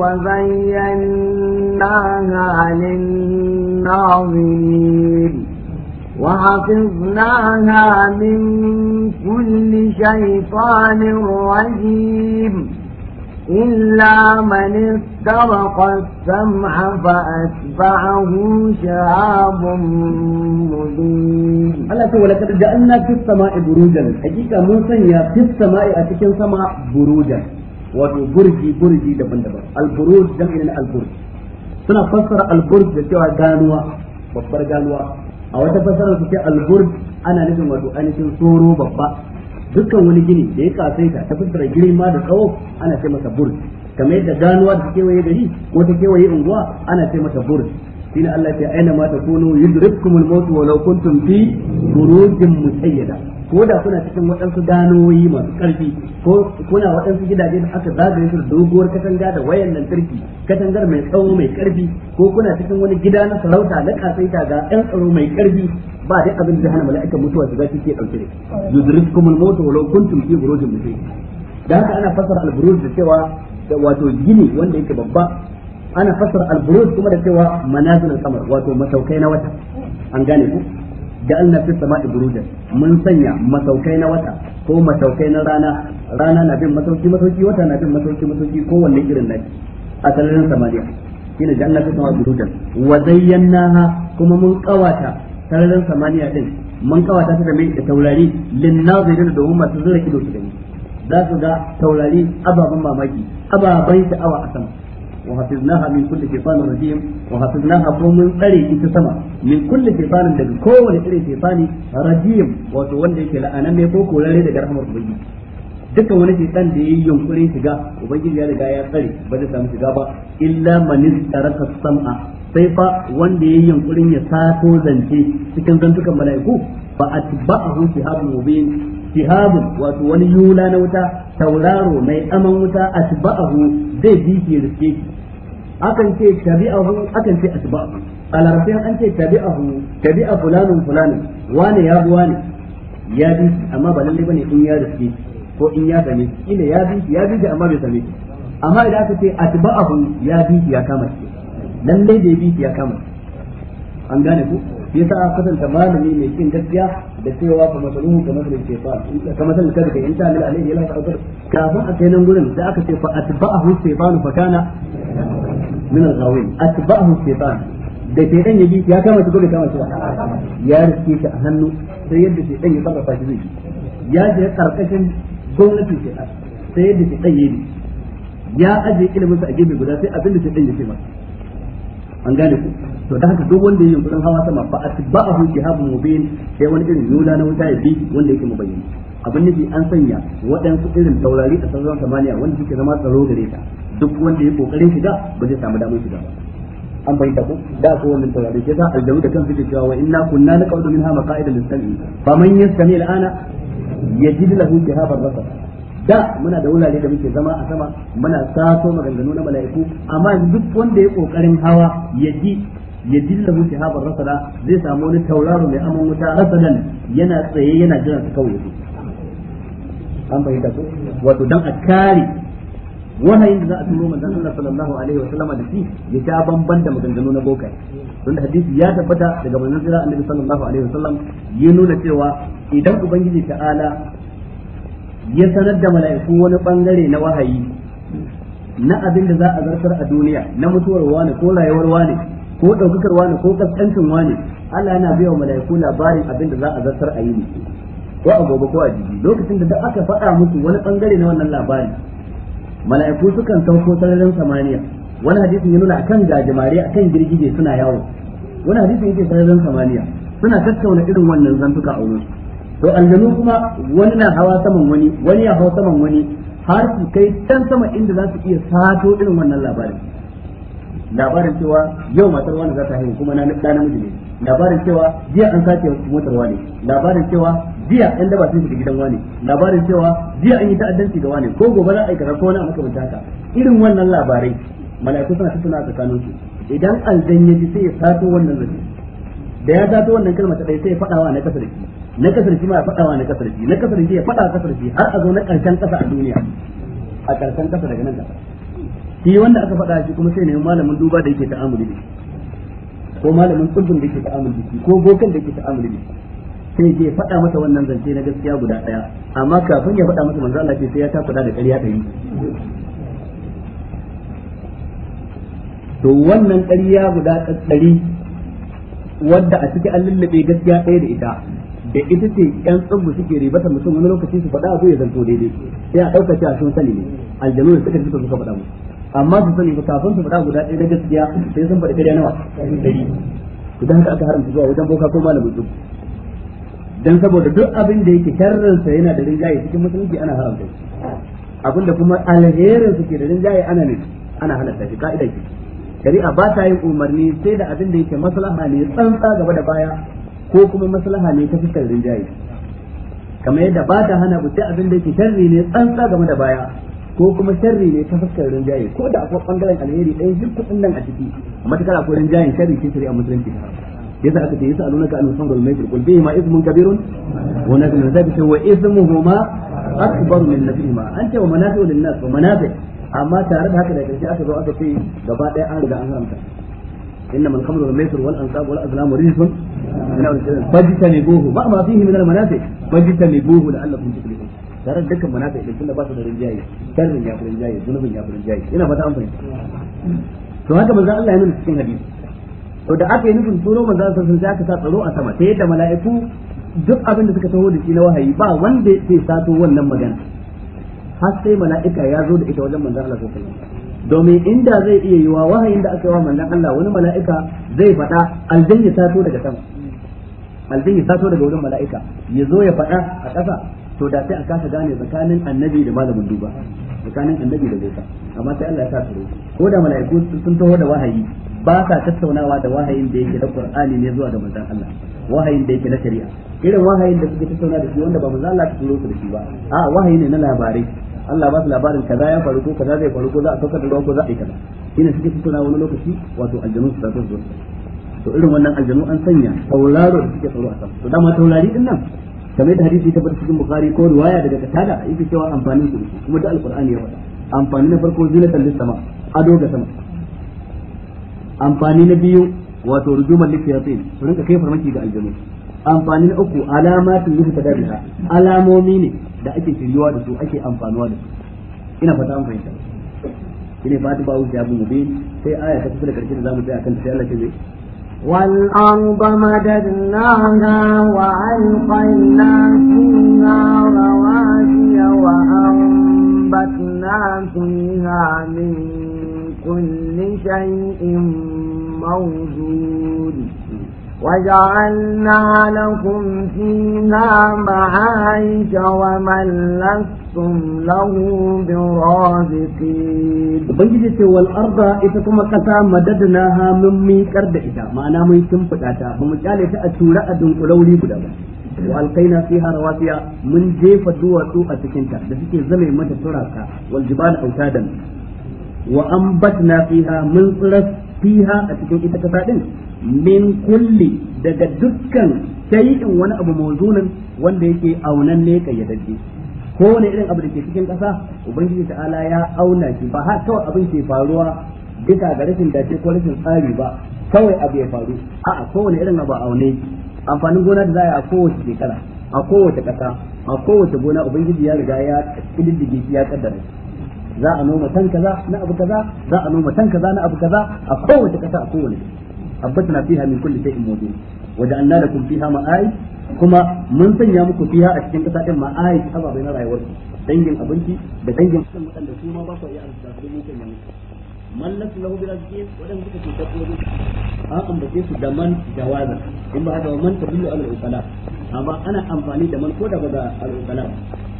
وزيناها للناظرين وحفظناها من كل شيطان رجيم إلا من استرق السمع فأتبعه شهاب مبين الله تعالى ولقد جعلنا في السماء بروجا حقيقة موسى في السماء أتكن سماء بروجا wato burji burji daban-daban alburuj jam'in alburuj suna fassara alburuj da cewa ganuwa babbar ganuwa a wata fasarar su ce ana nufin wato ainihin tsoro babba dukkan wani gini da ya kasaita ta fuskar girma da tsawo ana ce masa burj kamar yadda ganuwa da ta da gari ko ta kewaye unguwa ana ce masa burj Allah ya aina ma takunu yudrikumul maut walau kuntum fi burujin musayyada ko da kuna cikin waɗansu danoyi masu ƙarfi ko kuna waɗansu gidaje da aka zagaye su da doguwar katanga da wayan lantarki katangar mai tsawo mai ƙarfi ko kuna cikin wani gida na sarauta na kasaita ga ɗan tsaro mai ƙarfi ba dai abin da hana mala'ika mutuwa shiga ke ɗauke da yudrikum al-maut walau kuntum fi burujin mutum da haka ana fassara al-buruj da cewa wato gini wanda yake babba ana fassara al-buruj kuma da cewa manazilul qamar wato masaukai na wata an gane ku ja'alna fis sama'i burujan mun sanya masaukai na wata ko masaukai na rana rana na bin masauki masauki wata na bin masauki masauki ko wanne irin nashi a sararin samaniya shine ja'alna fis sama'i burujan wa zayyanaha kuma mun kawata sararin samaniya din mun kawata ta da mai da taurari lin nazirin domin masu zura kido su gani za su ga taurari ababen mamaki ababen sha'awa a sama وحفظناها من كل شيطان رجيم وحفظناها قوم قري في سما من كل شيطان daga kowane irin shaytani rajim wato wanda yake la'anan ne ko korare daga rahmar ubangiji dukkan wani shaytan da yayi yunkurin shiga ubangiji ya riga ya tsare ba zai samu shiga ba illa man sam'a sai fa wanda yi yunkurin ya sato zance cikin zantukan mala'iku fa atba'ahu shihabun mubin shihabun wato wani yula na wuta tauraro mai aman wuta atba'ahu zai bi ki riske ki akan ce tabi'ahu akan ce asba'u a larabci an ce tabi'ahu tabi'a fulanun fulanun wane ya bi wane ya bi amma ba lalle bane in ya riske ko in ya same shi ina ya bi ya bi amma bai same shi amma idan aka ce atba'ahu ya bi ya kama shi lalle bai ya bi ya kama an gane ku shi yasa aka kasanta malami mai kin gaskiya da cewa fa masaluhu ka masal shaytan ka masal kada ka inta lil alayhi la ta'dur kafin a kai nan gurin da aka ce fa atba'ahu shaytan fa kana min al-ghawin atba'ahu shaytan da ke ya bi ya kama shi ko bai kama shi ba ya riske shi a hannu sai yadda shaytan ya sarrafa shi zai ya je karkashin gwamnatin shaytan sai yadda shaytan ya bi ya aje ilimin sa a gefe guda sai abin da shaytan ya ce masa an gane ku to da haka duk wanda ya yunkurin hawa sama ba ba a hunki habu mubin sai wani irin yola na wuta ya bi wanda yake mubayyana abin nufi an sanya waɗansu irin taurari a sararin samaniya wanda suke zama tsaro gare ta duk wanda ya kokarin da ba zai samu damar shiga ba an bai ta ko da ko wannan taurari sai da aljamu da kansu ke cewa wa inna kunna naqaudu minha maqa'ida lis-sam'i faman yastami al-ana yajid lahu kihaban da muna da wurare da muke zama a sama muna saso maganganu na mala'iku amma duk wanda ya kokarin hawa ya ji ya dilla mu shihabar rasala zai samu wani tauraro mai amon wuta rasalan yana tsaye yana jiran su kawai an fahimta ko wato dan a kare wahayin da za a turo manzon Allah sallallahu alaihi wa sallama da shi ya ta bamban da maganganu na bokai don da hadisi ya tabbata daga manzon Allah sallallahu alaihi wa sallam ya nuna cewa idan ubangiji ta'ala ya sanar da mala'iku wani bangare na wahayi na abin da za a zartar a duniya na mutuwar wani ko rayuwar wani ko daukakar wani ko kaskancin wani Allah yana biya wa mala'iku labarin abin da za a zartar a yi ne ko a gobe ko a jiji lokacin da aka faɗa musu wani bangare na wannan labari mala'iku sukan sauko sararin samaniya wani hadisi ya nuna akan gajimare akan girgije suna yawo wani hadisin yake sararin samaniya suna tattauna irin wannan zantuka a wurin to aljanu kuma wani na hawa saman wani wani ya hawa saman wani har su kai can sama inda za su iya sato irin wannan labarin labarin cewa yau matar wani za ta haihu kuma na da namiji ne labarin cewa jiya an sace motar wani labarin cewa jiya yan daba sun shiga gidan wani labarin cewa jiya an yi ta'addanci ga wani ko gobe za a aikata ko wani a makamanta haka irin wannan labarai mala'iku suna tattauna a tsakanin su idan aljan ya ji sai ya sato wannan zaki da ya sato wannan kalma ta dai sai ya faɗa wa na kasa da shi na kasar shi ma ya faɗawa na kasar shi na kasar shi ya faɗa kasar shi har a zo na ƙarshen ƙasa a duniya a ƙarshen ƙasa daga nan ƙasa shi wanda aka faɗa shi kuma sai ne malamin duba da yake ta'amuli da shi ko malamin tsibbin da yake ta'amuli da shi ko bokan da yake ta'amuli da shi sai je faɗa masa wannan zance na gaskiya guda ɗaya amma kafin ya faɗa masa manzo Allah ce sai ya takuda da ƙarya ɗari to wannan ƙarya guda ɗari wadda a ciki an lullube gaskiya ɗaya da ita da ita ce yan tsubbu suke ribata mutum wani lokaci su faɗa abu ya zanto daidai sai a ɗauka cewa sun sani ne aljanu da suka ji suka faɗa mu amma su sani ba kafin su faɗa guda ɗaya na gaskiya sai sun faɗi ƙarya nawa ɗari idan haka aka haramta zuwa wajen boka ko malamin tsubbu dan saboda duk abin da yake sharrin sa yana da rinjaye cikin musulunci ana haramta shi abinda kuma alherin su ke da rinjaye ana ne ana halatta shi ka'idar ce shari'a ba ta yin umarni sai da abin da yake maslaha ne tsantsa gaba da baya ko kuma maslaha ne ta fuskar rinjaye kamar yadda ba ta hana mutum abin da yake sharri ne tsantsa game da baya ko kuma sharri ne ta fuskar rinjaye ko da akwai bangaren alheri ɗaya duk kuɗin nan a ciki amma ta kara ko rinjayen sharri shi shari'a musulunci yasa aka ce yasa alunaka an musamman da maikul kul bihi ma ismun kabirun wa nasu min zabi ce wa ismuhu ma akbar min nafihi ma an ce wa manafi'u lin nas wa manafi amma tare da haka da karshe aka zo aka ce gaba ɗaya an riga an haramta إنما الخمر والميسر والأنصاب والأزلام رجس فاجتنبوه ما ما فيه من المنافع فاجتنبوه لعلكم تفلحون tare da dukkan manafi da tunda ba su da rinjaye sharrin ya furin jaye zunubin ya furin jaye ina fata an fahimta to haka Allah to da aka yi nufin tsoro manzo Allah sun aka sa tsaro a sama sai da mala'iku duk abin da suka taho da shi na wahayi ba wanda zai sato wannan magana har sai mala'ika ya zo da ita wajen manzo sallallahu alaihi wasallam domin inda zai iya yi wa wahayin da aka yi wa mallan Allah wani mala'ika zai faɗa aljan ya sato daga sama aljan ya sato daga wurin mala'ika ya zo ya faɗa a ƙasa to da sai a kasa gane tsakanin annabi da malamin duba tsakanin annabi da Musa amma sai Allah ya sa su ko da mala'iku sun taho da wahayi ba sa tattaunawa da wahayin da yake da Qur'ani ne zuwa ga manzon Allah wahayin da yake na shari'a irin wahayin da suke tattauna da shi wanda ba manzon Allah ya turo su da shi ba a wahayi ne na labarai Allah ba su labarin kaza ya faru ko kaza zai faru ko za a saukar da ruwa ko za a yi kaza shine suke tattauna wani lokaci wato aljanu su zato su to irin wannan aljanu an sanya tauraro da suke tsaro a sama to dama taurari din nan kamar da hadisi ta cikin bukhari ko riwaya daga katada yake cewa amfanin su kuma da alqur'ani ya faɗa amfani na farko zinatan lis sama ado ga sama amfani na biyu wato rujuman lis yatin su rinka kai farmaki ga aljanu amfani na uku alamatin yi ta dabiha alamomi ne da ake shiryuwa da su ake amfanuwa da su ina fata an fahimta ne fata ba wuce abu mubin sai aya ta kusa da karshe da zamu tsaya kan sai Allah ce zai والأرض مددناها وألقينا فيها رواسي وأنبتنا فيها من كل شيء موجود وجعلنا لكم فيها معايش ومن لستم له برازقين ubangiji ce wal arda ita kuma kasa madadnaha mun miƙar da ita ma'ana mun shimfiɗa ta ba mu kyale ta a tura a dunkulauri guda ba wa alqaina fiha rawasiya mun jefa duwatsu a cikinta da suke zama mata turaka wal da autadan wa anbatna fiha mun tsiras fiha a cikin ita kasa din min kulli daga dukkan shay'in wani abu mawzunan wanda yake aunan ne kayyadadde ko wani irin abu da ke cikin kasa ubangiji ta'ala ya auna shi ba har kawai abin ke faruwa bisa ga rashin dace ko rashin tsari ba kawai abu ya faru a'a kowane irin abu aune amfanin gona da za a kowace shekara a kowace kasa a kowace gona ubangiji ya riga ya kididdige shi ya kaddara shi za a noma tan kaza na abu kaza za a noma tan kaza na abu kaza a kowace kasa a kowane na fiha min kulli shay'in mawdu waja'alna lakum fiha ma'ay kuma mun sanya muku fiha a cikin kasa din ma'ay ababai na rayuwar dangin abinci da dangin sun wadanda su ma ba su iya arzuta su mun sanya muku man lasu lahu bi rizqin wadanda suka ce dabbobi an ambace su da man jawaza in ba haka man tadullu ala al-ukala amma ana amfani da man ko da ba da al-ukala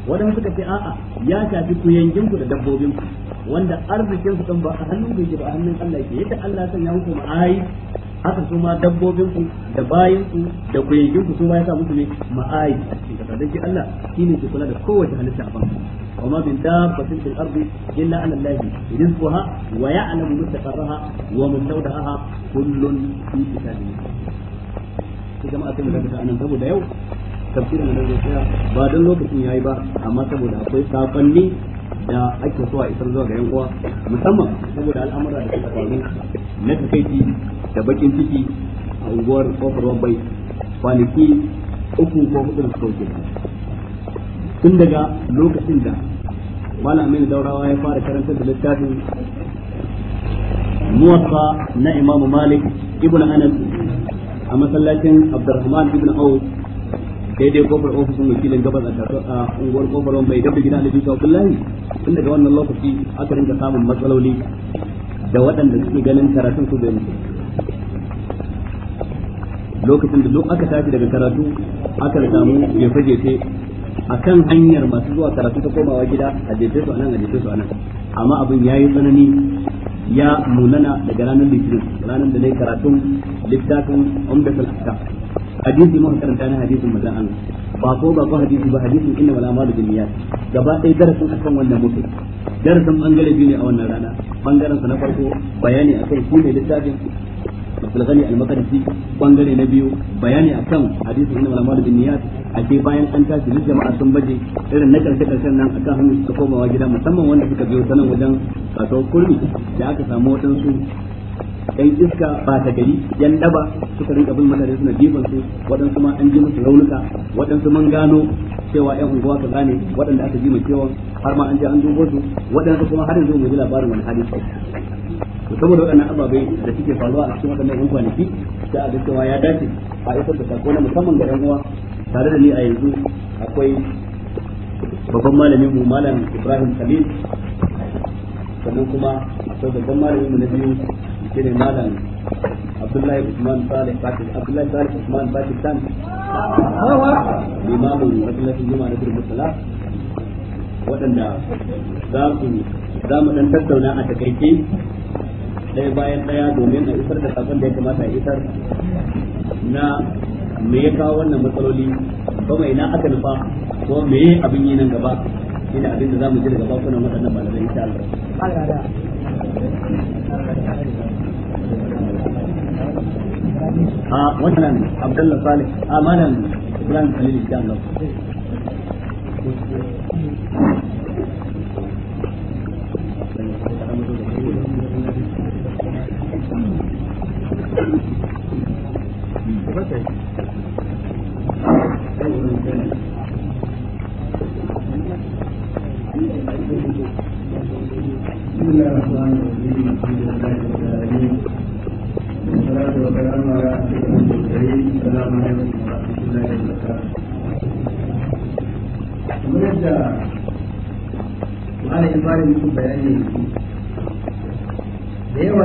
wadanda suka ce a'a ya shafi ku yankin ku da dabbobin ku wanda arzikin su ba a hannun ku ba a hannun Allah ke yadda Allah san ya hukuma ai haka su ma dabbobin ku da bayin ku da ku yankin ku su ma ya sa muku ne ma'ai daga cikin kasa Allah shine ke kula da kowace halitta a banku وما من دابة في الأرض إلا على الله رزقها ويعلم مستقرها ومستودعها كل في كتاب الله. كما أتمنى nan saboda yau. tafsirin da zai tsaya ba don lokacin yayi ba amma saboda akwai sakonni da ake so a isar zuwa ga yan uwa musamman saboda al'amura da suka faru na takaici da bakin ciki a unguwar kofar wabbai kwanaki uku ko hudu da sauke tun daga lokacin da bala aminu daurawa ya fara karantar da littafin muwatta na imamu malik ibn anas a masallacin abdurrahman ibn auf daidai kofar ofishin wakilin gabas a unguwar kofar wani bai gaba gida alibi ta kullahi tun daga wannan lokaci aka rinka samun matsaloli da waɗanda suke ganin karatun su bai mutu lokacin da duk aka tashi daga karatu aka samu ya fage sai a kan hanyar masu zuwa karatu ta komawa gida a jefe su anan a jefe su anan amma abin ya yi tsanani ya munana daga ranar litinin ranar da na yi karatun littafin umdatul ahkam hadisi mun karanta ne hadisin manzon Allah ba ko ba ko hadisi ba hadisin inna wala amalu bin niyyat gaba dai darasin akan wannan mutum darasin bangare biyu ne a wannan rana bangaren sa na farko bayani akan shi ne littafin Abdul Ghani al-Maqdisi bangare na biyu bayani akan hadisin inna wala amalu bin niyyat ke bayan an tashi duk jama'a sun baje irin na karshe karshen nan akan hannun su komawa gida musamman wanda suka biyo sanan wajen kasuwar kurmi da aka samu wadansu yan iska ba ta gari yan daba suka rinka bin mutane suna gefen su waɗansu ma an ji musu raunuka waɗansu man gano cewa yan unguwa ka gane waɗanda aka ji mai cewa har ma an ji an dubo su waɗansu kuma har yanzu mu ji labarin wani hali to saboda waɗannan ababai da suke faruwa a cikin waɗannan yan kwanaki da a cewa ya dace a isar da sako na musamman ga yan uwa tare da ni a yanzu akwai babban malamin mu malam Ibrahim Khalil sannan kuma akwai babban malamin mu na biyu shine malam Abdullahi Usman salih Pakistan Abdullahi salih Usman Pakistan limamu masallacin Juma'a na Turbi Sala waɗanda za su za mu dan tattauna a takaice ɗaya bayan ɗaya domin a isar da sakon da ya kamata a isar na me ya kawo wannan matsaloli ko mai na aka nufa ko me abin yi nan gaba ina abin da za mu ji daga bakunan waɗannan malamai insha Allah a wannan abdullah salih a malam ibrahim khalil insha Allah Thank you. بسم الله yawa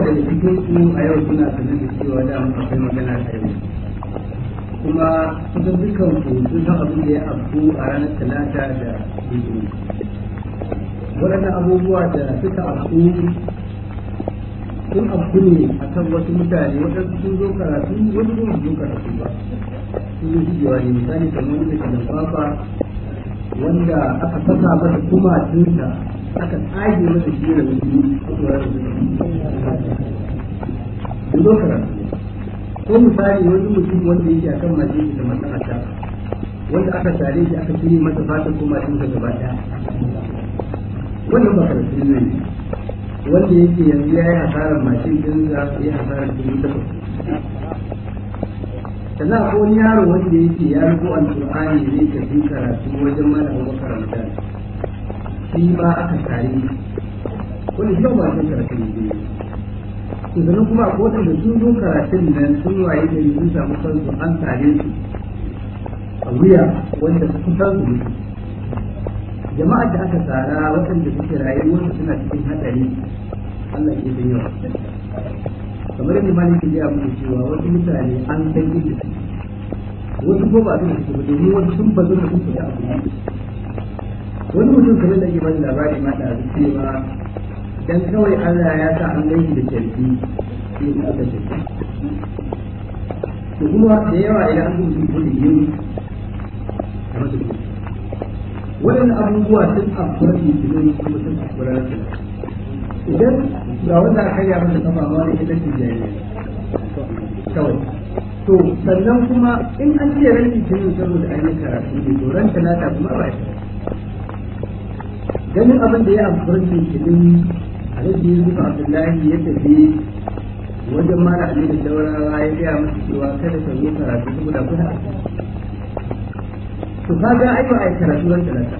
da a yau suna da an magana ta kuma kusan dukkan su sun san abin da ya abu a ranar talata da litinin waɗannan abubuwa da suka abu sun abu ne a kan wasu mutane waɗansu sun zo karatu wani kuma zo karatu ba sun yi shigewa ne misali kamar wani ke da fafa wanda aka fasa masa kuma tunta aka tsage masa shi da wani sun zo karatu ko misali wani mutum wanda yake akan maje da matsala ta wanda aka tare shi aka shirya masa fatan kuma tunta gaba ɗaya wannan ba zai ne wanda yake yanzu ya yi hasarar mashin din za su yi hasarar dubu takwas sannan akwai wani yaro wanda yake ya rubo alƙur'ani zai tafi karatu wajen mana a makaranta shi ba aka tare wani shi ba shi karatu ne su sannan kuma akwai da sun zo karatun nan sun waye da sun samu kansu an tare su a wuya wanda kusan su mutu jama'ar da aka tsara waɗanda suke rayuwar suna cikin hatsari Allah ke san kamar yadda maliki ya mun cewa wasu mutane an san inda wasu ko ba su da su domin wasu sun bazu da kuma da abu wani mutum kamar da ke bani labari ma da cewa dan kawai Allah ya sa an gani da kyalfi shi ne aka ce to kuma da yawa idan an yi gudu yau kamar da waɗannan abubuwa sun amfani da su ne kuma sun amfani idan ga wanda aka yi abin da kama ma da ita ce jariya kawai to sannan kuma in an ce ce ne saboda an yi karatu ne to na talata kuma ba shi ganin abin da ya amfani da litinin alhaji yusuf abdullahi ya tafi wajen mara da daurawa ya gaya masa cewa kada ka yi karatu saboda kuna to ga ai ba a karatu ran talata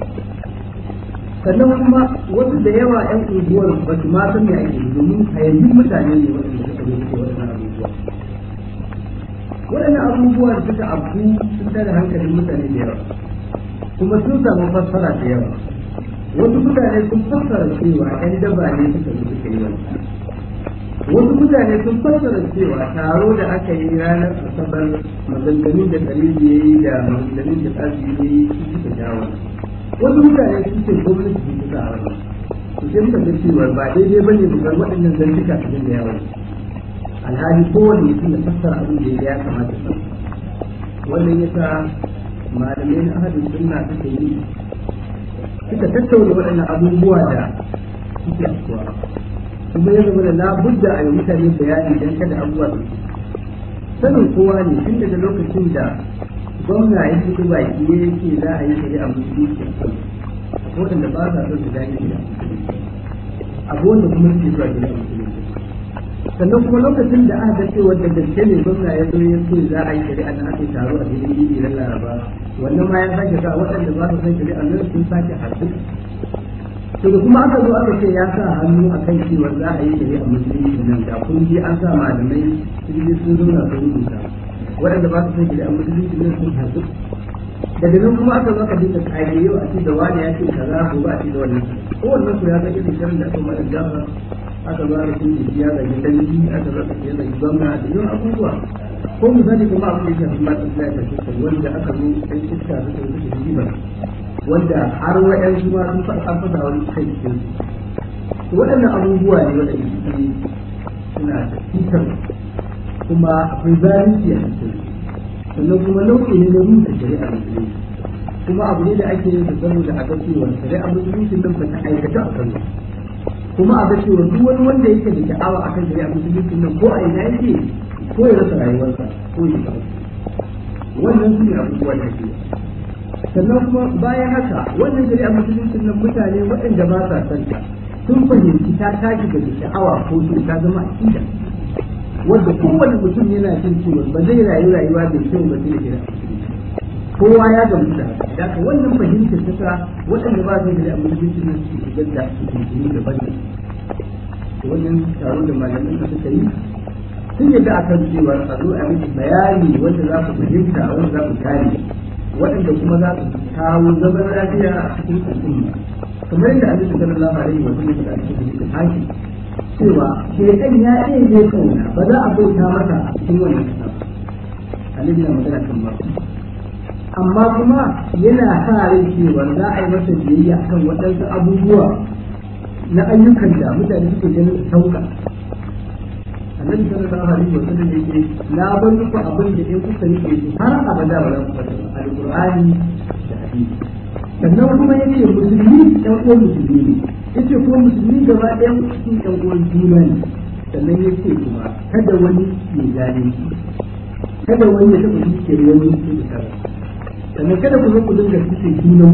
sannan kuma wasu da yawa yan unguwar ba su ma san me ake domin a yanzu mutane ne waɗanda suka zo suke waɗannan abubuwa waɗannan abubuwa da suka abu sun tare hankalin mutane da yawa kuma sun samu fassara da yawa wasu mutane sun fassara cewa yan daba ne suka zo suka wannan wasu mutane sun fassara cewa taro da aka yi ranar asabar maganganun da kalili ya yi da maganganun da kalili ya yi su suka jawo wasu mutane sun ce gwamnati su suka hawa su ce muka cewa ba daidai ba ne bugar waɗannan zantuka su dinga yawo alhali kowane mutum da fassara abin da ya kamata ba wannan ya sa malamai na ahadin sunna suka yi suka tattauna waɗannan abubuwa da suke asuwa kuma ya zama da labudda a yi mutane bayani don kada abubuwa su sanin kowa ne tun daga lokacin da gwamna ya fito baki ne yake za a yi shari'a musulunci da ba sa son su gane gida abu wanda kuma ke zuwa gida musulunci sannan kuma lokacin da aka ce wanda gaske ne gwamna ya zo ya ce za a yi shari'a na aka taro a gidan gidi na laraba wannan ma ya sake sa waɗanda ba su son shari'a nan sun sake hasu to da kuma aka zo aka ce ya sa hannu a kan cewa za a yi shari'a musulunci nan da kun ji an sa malamai sun je sun zauna sun musa, waɗanda ba su san shari'a musulunci nan sun haɗu daga nan kuma aka zo aka ta kage yau a ce da wani ya ce za a ba a ce da wannan kowanne ku ya ga irin shirin da kuma da aka zo aka jiki ya da dangi aka zo aka ce da zagi gwamna da yawan abubuwa ko misali kuma abin da ya shafi matan shafi wanda aka zo ɗan iska suka yi rigimar wanda har wa'yansu ma sun faɗa an faɗa wani kai cikin su waɗannan abubuwa ne waɗanda suke suna da cutar kuma akwai zalunci a cikin sannan kuma nau'i ne na rusa shari'a musulunci kuma abu ne da ake yin su saboda a ga cewa shari'a musulunci nan ba ta aikata a kanu kuma a ga cewa duk wani wanda yake da sha'awa akan shari'a musulunci nan ko a ina yake ko ya rasa rayuwarsa ko ya rasa wannan su ne abubuwa da yi. sannan kuma bayan haka wannan shari'a musulunci nan mutane waɗanda ba sa son sun fahimci ta tashi daga sha'awa ko su ta zama a cikin wanda kowane mutum yana cin cewa ba zai rayu rayuwa da kyau ba zai jira kowa ya gamsu da haka da ka wannan fahimtar ta sa waɗanda ba su da musulunci nan su shigar da su jini da bane wannan taron da malamin da suka yi sun yadda akan cewa a zo a miki bayani wanda za ku fahimta wanda za ku gane waɗanda kuma za su kawo zaman lafiya a cikin al'umma kamar yadda annabi sallallahu alaihi da ake ya ita haki cewa shaytan ya iya yi kauna ba za a bauta mata a cikin wannan kasa nan yana magana kan ba amma kuma yana sa rai cewa za a yi masa biyayya akan waɗansu abubuwa na ayyukan da mutane suke ganin sauka annabi sallallahu alaihi wa sallam yake na ban muku abin da in kuka rike shi har abada ba za ku fadi alqur'ani da hadisi sannan kuma yake musulmi dan uwan musulmi ne yace ko musulmi gaba ɗaya su dan uwan juna ne sannan yake kuma kada wani ya gane kada wani ya taɓa dukiyar wani ya tsara sannan kada ku zo ku dinga cikin junan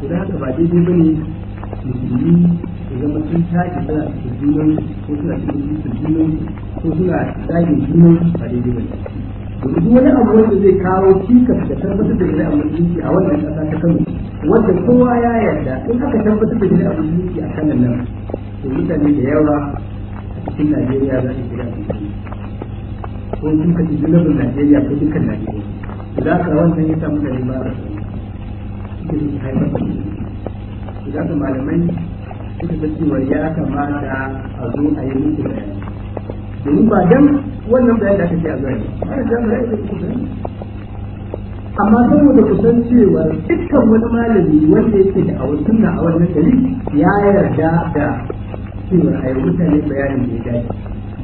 ku da haka ba daidai ne musulmi zama sun tashi suna cikin junan ko suna cikin junan ko suna tsarin junan ba daidai ba duk wani abu wanda zai kawo cikas da tabbatar da shari'a musulunci a wannan ƙasa ta kano wanda kowa ya yarda in aka tabbatar da shari'a musulunci a kanan nan to mutane da yawa a cikin najeriya za su shari'a musulunci ko sun kaci junabin najeriya ko dukkan najeriya idan aka wannan ya samu da ba a rasu suke haifar da idan aka malamai suka san cewa ya kamata a zo a yi musu bayani domin ba dan wannan bayan da aka ce a zuwa ne ana jan bayani da kuka amma saboda ku san cewa dukkan wani malami wanda yake da a sunna a wannan gari ya yarda da cewa a yi mutane bayanin da ya dace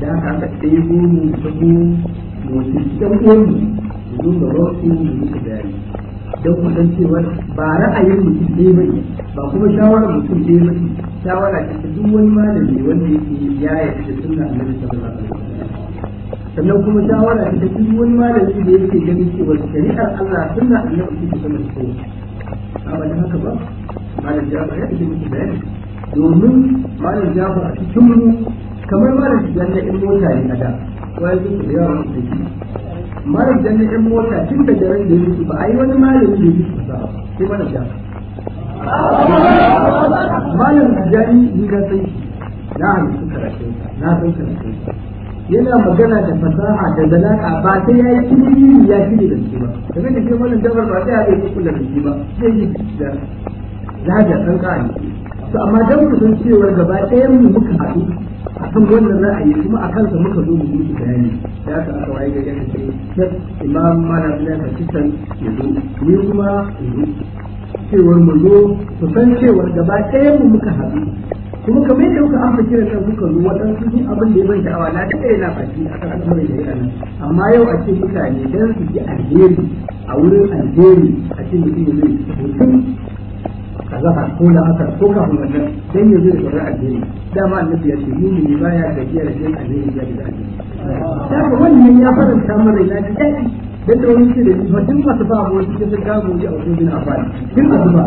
da haka aka ɗaya gomu ta gomu motsi ɗan gomu zo ga wasu da muka bayani don kusan cewa ba ra'ayin mutum ɗaya ba ba kuma shawarar mutum ɗaya ba shawara ce ta duk wani malami wanda yake ya yarda da annabi sallallahu alaihi wasallam sannan kuma shawara ce ta duk wani malami da yake ganin cewa shari'ar Allah suna sunna annabi ce ta sama ko amma dan haka ba malam Jafar ya yi miki bayani domin malam Jafar a cikin mu kamar malam Jafar ya mota ne a da wai yake da yawa mutum malam dan ɗan mota tun da garin da yake ba a yi wani malam da yake ba sai mana ja malam tijani ni ga sai na su karatu na san karatu yana magana da fasaha da zalaka ba sai ya yi ilimi ya shige da shi ba kamar da ke malam dabar ba sai ya yi kullu da shi ba sai yi da zaga san ka'a ne to amma dan mu san cewa gaba ɗayan mu muka haɗu a kan wannan ra'ayi kuma a kansa muka zo mu yi bayani ya ka aka waye ga yadda ce shek imam malam na pakistan cikin yanzu. ni kuma ya zo cewar mu zo ku san cewa gaba ɗayan mu muka haɗu kuma kamar yadda kuka amsa kira kan kuka zo waɗansu sun abin da ya ban da'awa na kai yana baki a kan al'amuran da ya amma yau a ce mutane dan su ji alheri a wurin alheri a ce mutum ya mutum azhar ko da aka ko kafin wannan dan ya zo da addini dama annabi ya ce mini baya gajiya da shi addini ya da addini wannan ya faranta mana ina da dadi dan da wani shi da ba din ba ba ko shi da ga mu ya auto bin afani din ba ba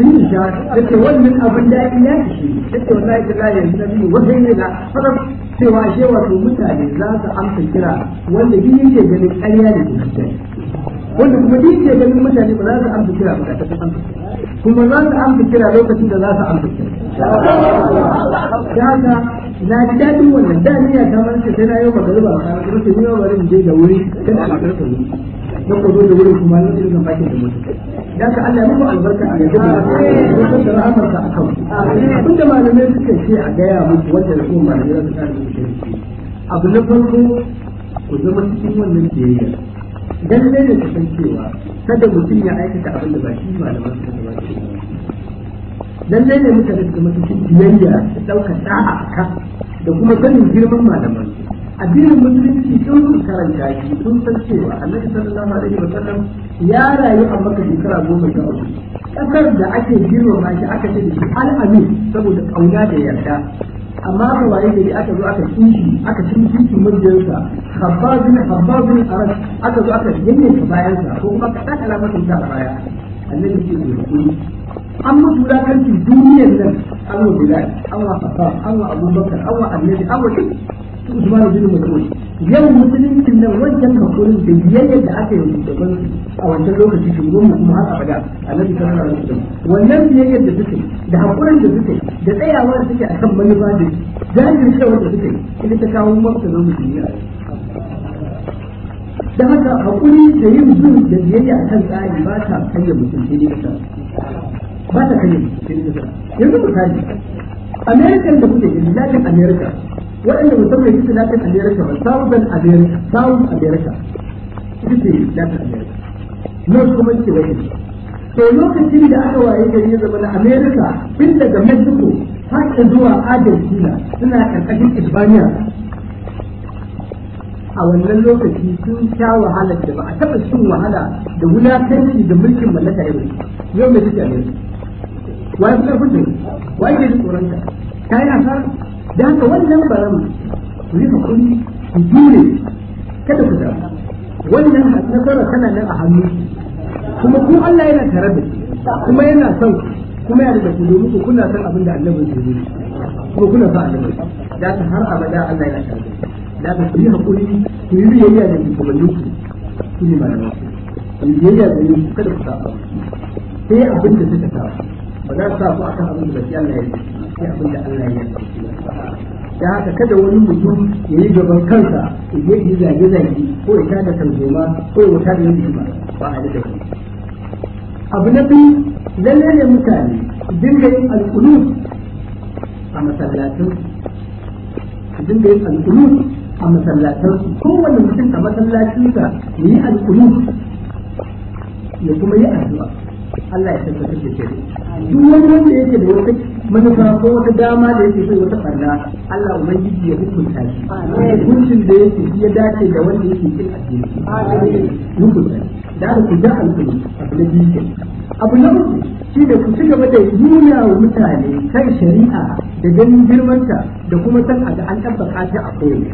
shi sha take wannan abin da yake ya shi take wallahi da lalle nabi wahai ne da fara cewa she wato mutane za su amsa kira wanda din yake ganin ƙarya da gaskiya wanda kuma din yake ganin mutane ba za su amsa kira ba ta san kuma za su amsa kira lokacin da za su amsa kira na ji daɗin wannan da ni ya kamar ce sai na yau magariba a kanar kuma ce yau bari in je da wuri sai a kakar ka wuri na ko zo da wuri kuma na irin bakin da mutum dan ka Allah ya muku albarka a yanzu da da rahmar a akan abin da malamai suka ce a gaya muku wanda da kuma malamai suka ce abu na farko ku zama cikin wannan biyayya dan dai ne ku san cewa kada mutum ya aikata abin da ba shi malaman suka ba lallai ne mutane da matakin biyayya da ɗaukar da'a a ka da kuma sanin girman malaman addinin musulunci sun sun karanta shi sun san cewa annabi sallallahu alaihi wa sallam ya rayu a maka shekara goma sha uku ƙasar da ake girmama shi aka ce da shi al'amin saboda ƙauna da yarda amma ba waye da aka zo aka kishi aka cin kinshi mujiyarsa habbazin habbazin aras aka zo aka yanyanka bayansa ko kuma ka tsakala masa ta baya annabi ce da an mutu wulakanci duniyar nan an wa bilal an wa abubakar an annabi an wa duk su usman bin mutum yau musulunci nan wajen hakurin da biyayya da aka yi da ban a wancan lokaci shi mu kuma har abada annabi sallallahu alaihi wasallam wannan biyayyar da suke da hakurin da suke da tsayawa da suke akan manufa da shi wanda suke ita ta kawo mafsa na musulmi da haka hakuri da yin zuwa da biyayya kan tsari ba ta kayyade mutum daidai da ba ta kare yanzu misali american da kuke gani latin america waɗanda musamman yake latin america ba southern america south america yake latin america nan kuma yake wani to lokacin da aka waye gari ya zama na america tun daga mexico har zuwa argentina suna karkashin hispania a wannan lokaci sun sha wahalar da ba a taɓa cin wahala da wulakanci da mulkin mallaka irin yau mai suke america wai kuma kudin wai ke tsoron ta kai asar da haka wannan barama ku yi hakuri ku jure kada ku damu wannan nasara tana nan a hannu kuma ku Allah yana tare da kuma yana son kuma yana da ku domin ku kuna san abin da annabi ya yi kuma kuna sa annabi da ta har abada Allah yana tare da da ku yi hakuri ku yi biyayya da ku kuma ku ku ne malamanku ku yi biyayya da ku kada ku saba sai abin da suka saba ba za su sa su akan abin da baki Allah ya yi sai abin da Allah ya yi da haka kada wani mutum ya yi gaban kansa ya je yi zage zage ko ya tada tarzoma ko ya wuta da yin ba ba a da shi abu na biyu lalle ne mutane dinga yin alƙulu a masallatun dinga yin alƙulu a masallatansu kowane mutum a masallacinsa ya yi alƙulu ya kuma yi addu'a Allah ya tabbata da shi duk wani wanda yake da wata manufa ko wata dama da yake sai wata farda Allah ubangiji ya hukunta shi hukuncin da yake ya dace da wanda yake cikin addini hukunta da ku da alƙuri abu na biyu abu na uku shi da ku ci gaba da nuna wa mutane kan shari'a da ganin girmanta da kuma san a ga an tabbata ta a kowane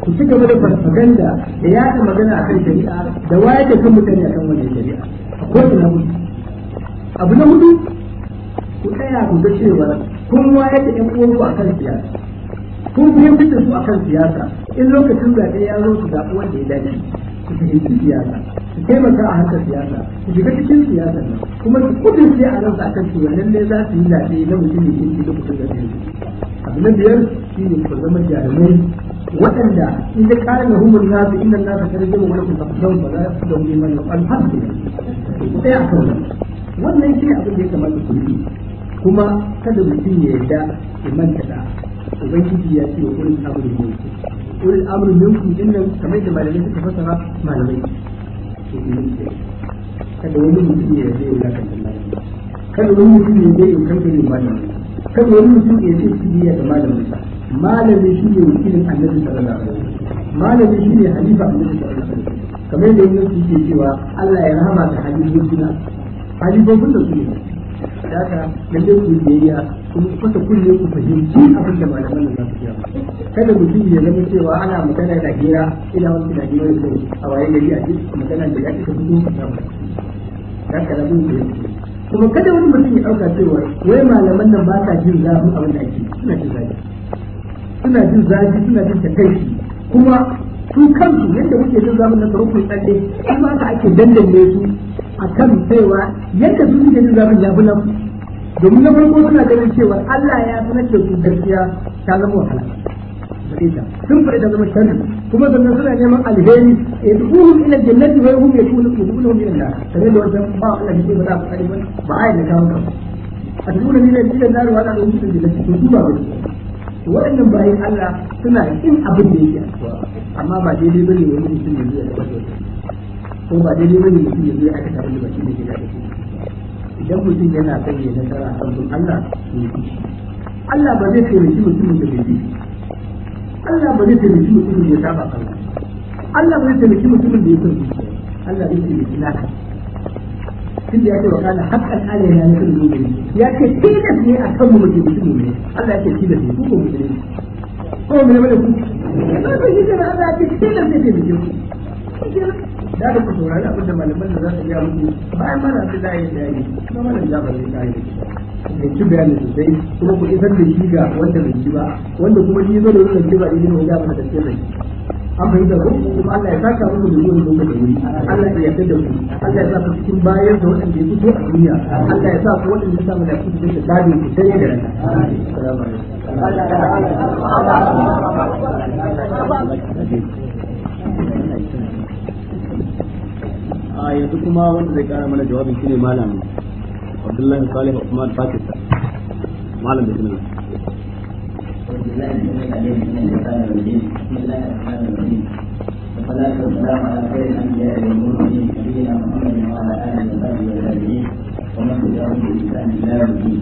ku ci gaba da farfaganda da yaɗa magana akan shari'a da wayar da kan mutane kan wannan shari'a na mutu. abu na hudu ku tsaya ku ga cewa kun wayar da ƴan uwanku a kan siyasa kun fahimtar fitar su a kan siyasa in lokacin da ɗaya ya zo su zaɓi wanda ya dace su fahimci siyasa su taimaka a harkar siyasa su shiga cikin siyasa nan kuma su kudin sai a ransa a kan cewa ne za su yi zaɓe na mutum ne kinki lokacin da zai abu na biyar shi ne ku zama jarumai waɗanda in da ƙarin na humul nasu inda nasu ta rage wa wani kuma ba za su da wani mana alhamdulillah ku tsaya a kan wannan wannan shi ne abin da ya kamata ku yi kuma kada mutum ya yarda ya manta da ubangiji ya ce wa ulul amri minkum ulul amri minkum din nan kamar da malamai suka fasara malamai kada wani mutum ya yarda ya da malamai kada wani mutum ya yarda ya kankare malamai kada wani mutum ya yarda ya biya da malamin sa shi ne wakilin annabi sallallahu alaihi wasallam malami shi ne halifa annabi sallallahu alaihi wasallam kamar da yake cewa Allah ya rahama ta halin suna halibobin da su da aka lalle ku biyayya kuma kwata kunne ku fahimci abin da malaman nan za su kira kada mutum ya zama cewa ana magana da hira ina wani da hira da a waye gari a cikin magana da ya ci ka fito ka samu da haka rabin ku kuma kada wani mutum ya dauka cewa wai malaman nan ba sa jin zafin abin da ake suna jin zafi suna jin zafi suna jin takaici kuma su kansu yadda muke jin zafin na tsaro ku tsalle kuma haka ake dandamne su a kan cewa yadda su suke jin zafin ya nan domin na farko suna ganin cewa Allah ya fi nake su gaskiya ta zama wahala sun fara da zama sharri kuma sannan suna neman alheri a yi yad'uhum ila jannati wa hum wani ila nar ne da wannan ba a yake ba ta kare ba ba a yi da kawo kan. a duk ne ne da nar na da mutum da su duba ba to waɗannan bayan Allah suna yin abin da yake amma ba daidai bane wani mutum da zai yi ko ba daidai bane mutum ya zo ya aikata wani ba shi ne ke da idan mutum yana son ya nasara a kan Allah to ya Allah ba zai taimaki mutumin da bai Allah ba zai taimaki mutumin da ya saba kan Allah ba zai taimaki mutumin da ya san Allah zai taimaki naka tunda ya ce wa kana haqqan ya na kan mu'mini ya ce tilas ne a kan mu mutum mu'mini Allah ya ce tilas ne ku mu'mini ko me ne ku ba ku ji da Allah ya ce tilas ne ke mutum da da ku saurari abin da malaman da za su iya muku bayan mana su da yi bayani kuma mana da ba zai kare bai ci bayanin sosai kuma ku isar da shi ga wanda bai ci ba wanda kuma shi zai da wani ba idan wani ba da gaske bai an fahimta ko kuma Allah ya saka muku da zuwa zuwa da wuri Allah ya yarda da ku Allah ya sa ku cikin bayar da waɗanda ya fito a duniya Allah ya sa ku waɗanda ya samu da ku da dadi ku dare da rana assalamu alaikum a yanzu kuma wanda zai kara mana jawabin shine malam Abdullah Salih Usman Pakistan malam da kuma Allah ومن تجاوز الانسان الى ربه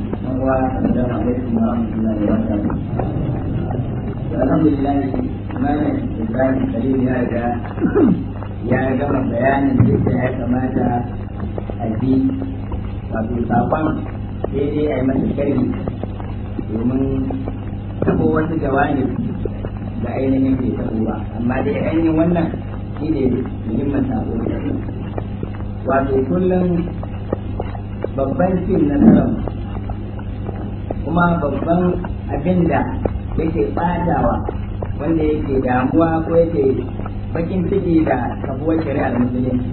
alhamdulillah malam ibrahim khalil ya riga ya gama bayanin yadda ya kamata a bi wato sakon sai dai a yi masa sharhi domin tabo wasu jawani da ainihin bai tabo ba amma dai ainihin wannan shi ne muhimmin sako wato kullum babban cin kuma babban abinda? yake batawa wanda yake damuwa ko yake bakin ciki da kafuwar shari'ar musulunci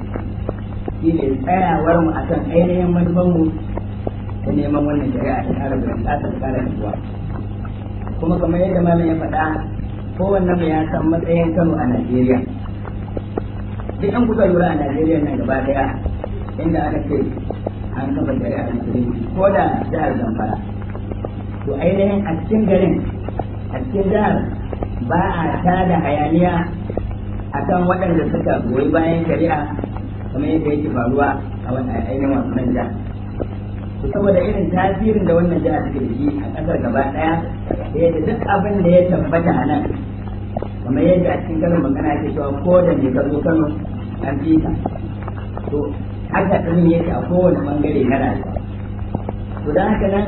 shi ne tsayawar mu akan ainihin manufanmu ta neman wannan shari'a ta kara bukatar kara kuma kamar yadda malam ya faɗa kowanne mu ya san matsayin Kano a Najeriya duk an kusa lura a Najeriya nan gaba daya inda aka ce an kafa shari'a musulunci ko da jihar Zamfara to ainihin a cikin garin a cikin jihar ba a tada hayaniya a kan waɗanda suka goyi bayan shari'a kamar yadda yake faruwa a ainihin wannan jihar saboda irin tasirin da wannan jihar suke da shi a ƙasar gaba ɗaya da yadda duk abin da ya tabbata a nan kamar yadda a cikin karin magana ke cewa ko da ne ka zo kano an fi ta to haka ɗin yake a kowane ɓangare na rayuwa to da haka nan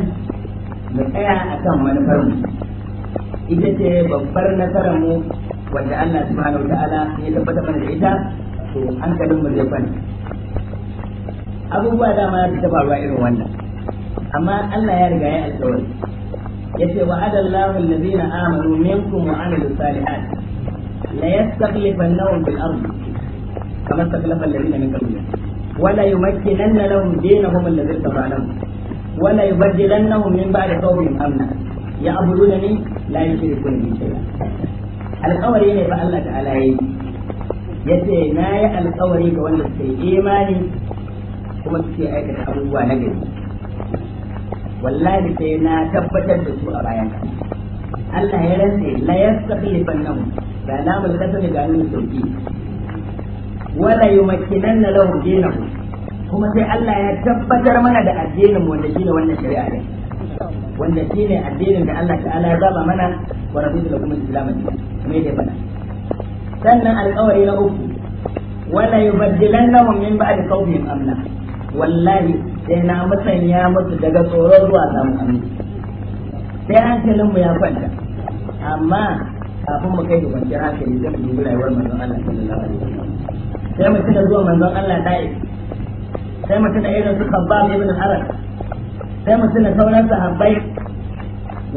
mu tsaya a manufar manufarmu ita ce babbar nasarar mu wanda Allah subhanahu ta'ala ya tabbata mana da ita to hankalin mu zai kwana. abubuwa da ma ta faruwa irin wannan amma Allah ya riga ya alƙawari ce wa adallahu alladhina amanu minkum wa amilu salihat la yastaqlifannahum fil ardi kama istakhlafa alladhina min qablihim wala yumakkinanna lahum dinahum alladhi ارتضى wala ولا min ba'di بعد amna ya abudu da ni la yushriku bi shay'a alƙawari ne fa Allah ta'ala yi. yayi yace na yi alƙawari ga wanda suke imani kuma suke aikata abubuwa na gari wallahi sai na tabbatar da su a bayan Allah ya rantse la yastakhlifannahum ga namul kasani ga nan sauki wala yumakkinanna lahum dinahum kuma sai Allah ya tabbatar mana da addinin mu wanda ne wannan shari'a ne wanda shi ne addinin da Allah ta'ala ya zaba mana wa da lakum al-islam me dai bana sannan alƙawari na uku wala yubaddilannahum min ba'di khawfihim amna wallahi sai na musanya musu daga tsoro zuwa samun aminci sai hankalin mu ya kwanta amma kafin mu kai da kwanciyar hankali zai mu dubi rayuwar manzon Allah sallallahu alaihi wasallam sai mu tuna zuwa manzon Allah da'i sai mu tuna irin su Khabbab ibn Arak sai mutum da sauran sahabbai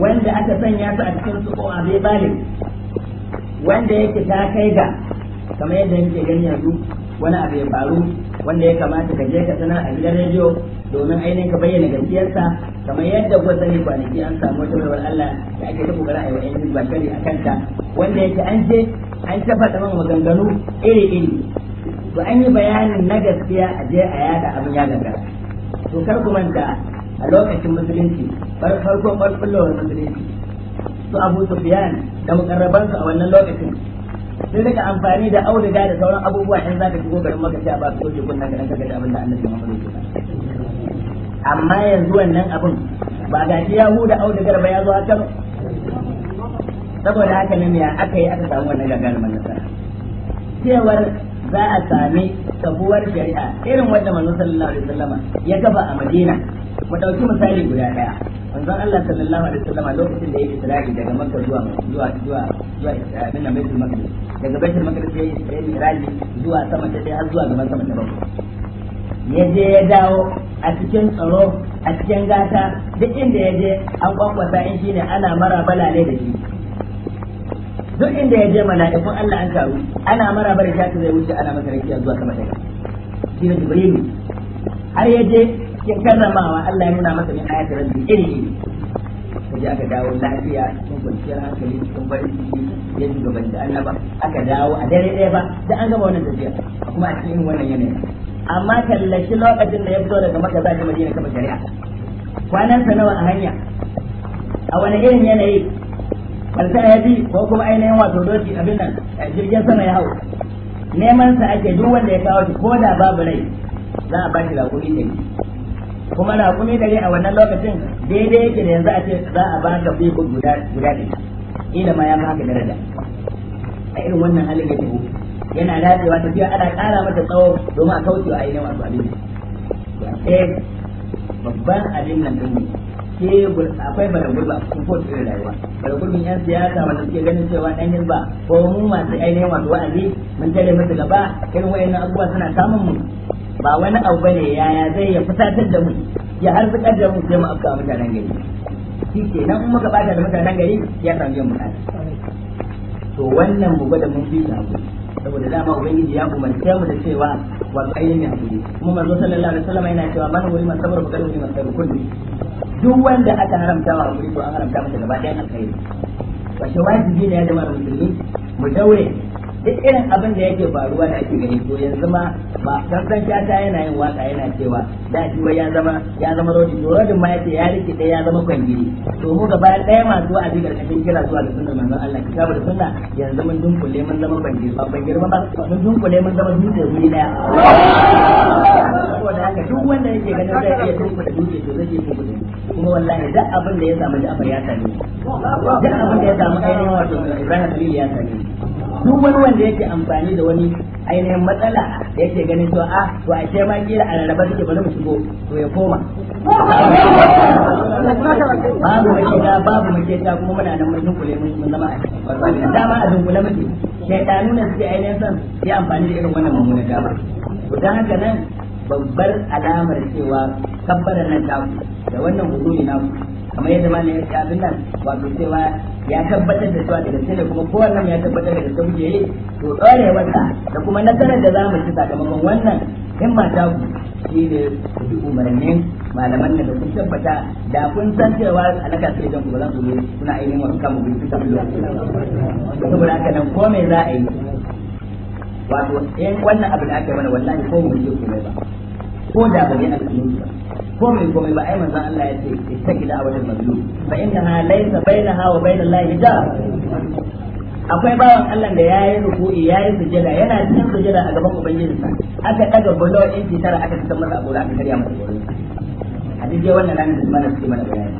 wanda aka sanya su a cikin su ko abai balin wanda yake ta kai ga kamar yadda yake gani yanzu wani abu ya faru wanda ya kamata ka je ka sanar a gidan rediyo domin ainihin ka bayyana gaskiyarsa kamar yadda kuka sani kwanaki an samu wata baiwar Allah da ake ta gara a yi wa ainihin a kanta wanda yake an je an tafa taman maganganu iri-iri to an yi bayanin na gaskiya a je a yada abin ya gaggara to kar ku manta a lokacin musulunci farkon farkullowar musulunci su abu su biyan da mukarrabansu a wannan lokacin sun rika amfani da auduga da sauran abubuwa in za ka shigo garin maka a basu soke kun nan garin kaga da abin da annabi Muhammad ya amma yanzu wannan abin ba ga shi ya huda audugar ba ya zo hakan saboda haka ne ya aka yi aka samu wannan gagarumin nasara cewar za a sami sabuwar shari'a irin wadda manzo sallallahu alaihi ya kafa a Madina mu ɗauki misali guda daya manzon Allah sallallahu alaihi wasallam lokacin da yake tsari daga Makka zuwa zuwa zuwa zuwa Isra'i na Baitul Maqdis daga Baitul Maqdis yayi Isra'i zuwa sama da har zuwa gaban sama da bakwai ya je ya dawo a cikin tsaro a cikin gata duk inda ya je an kwakwasa in shine ana mara balale da shi duk inda ya je mala'ikun Allah an taru ana mara bar shi zai wuce ana masa rakiya zuwa sama da shi ne Jibril har ya je cikin karramawa Allah ya nuna masa min ayatul rabbi iri iri kaje aka dawo lafiya cikin kwanciyar hankali cikin farin ciki ya ji gaban da annaba aka dawo a dare ɗaya ba da an gama wannan tafiya kuma a cikin wannan yanayi amma kallashi lokacin da ya fito daga maka zai madina kama shari'a kwanan sa nawa a hanya a wani irin yanayi karta ya bi ko kuma ainihin wato doki abin nan A eh, jirgin sama ya hau neman sa ake duk wanda ya kawo shi ko da babu rai za a ba shi da ne kuma na da dare a wannan lokacin daidai yake da yanzu a ce za a baka fiko guda guda ɗaya ina ma ya haka daraja a irin wannan halin da ku yana dacewa tafiya ana ƙara mata tsawo domin a kauce a ainihin wasu abin da, babban abin nan ɗin ke akwai bada gurba cikin kowace irin rayuwa bada gurbin yan siyasa wanda suke ganin cewa ɗan hirba ko mu masu ainihin wato wa'azi mun tare mata gaba irin wayannan abubuwa suna samun mu ba wani abu bane yaya zai ya fusatar da mu ya har fitar da mu sai mu afka mutanen gari shi ke nan in muka bata da mutanen gari ya samu yin bukata to wannan mu gwada mun fi hakuri saboda dama ubangiji ya umarce mu da cewa wato ainihin hakuri kuma manzo sallallahu alaihi wasallam yana cewa man wuri masabar bakar wuri masabar kullu duk wanda aka haramta wa aure to an haramta masa gaba ɗaya alkhairi wace wajibi ne ya zama musulmi mu daure duk irin abin da yake faruwa da ake gani to yanzu ma ba sassan shata yana yin waka yana cewa da shi wai ya zama ya zama rodin to rodin ma yace ya rike ya zama kwangiri to mu gaba ɗaya masu wa'azi karkashin kira zuwa da sunan manzon Allah kitabu da sunna yanzu mun dunkule mun zama kwangiri ba girma ba mun dunkule mun zama dutse guri daya saboda haka duk wanda yake ganin zai iya dunkule dutse to zai iya dunkule kuma wallahi duk abin da ya samu Ja'far ya sani duk abin da ya samu ainihin wato Ibrahim Khalil ya sani duk wani wanda yake amfani da wani ainihin matsala da yake ganin to a ah, to a ce ma kila a rarraba take bari mu shigo to ya koma babu da babu ta kuma muna da mun dunkule mun zama a dama a dunkule muke shaitanu ne suke ainihin son ya amfani da irin wannan mummunan dama to dan haka nan babbar alamar cewa kabbaran nan ta da wannan ne na kamar yadda ma ya ce abin nan wato cewa ya tabbatar da cewa daga cikin da kuma kowannan ya tabbatar da gaske muke yi to tsare wata da kuma nasarar da za mu ci sakamakon wannan himma ta ku shi ne ku bi umarnin malaman nan da kun tabbata da kun san cewa alaka sai don ku ba za ku yi kuna ainihin wasu kamun bin su kabilo saboda haka nan ko me za a yi wato in eh, wannan abu da ake mana wallahi ko mu yi ku mai ba ko da ba ne a cikin ba komai komai ba ai manzon Allah ya ce istaki da awadin mazlu fa innaha laysa bainaha wa bainal lahi hijab akwai bawan Allah da yayi ruku'i yayi sujada yana cikin sujada a gaban ubangijinsa aka daga bulo inci tara aka tsama masa abura aka karya masa hadisi wannan nan da mana suke mana bayani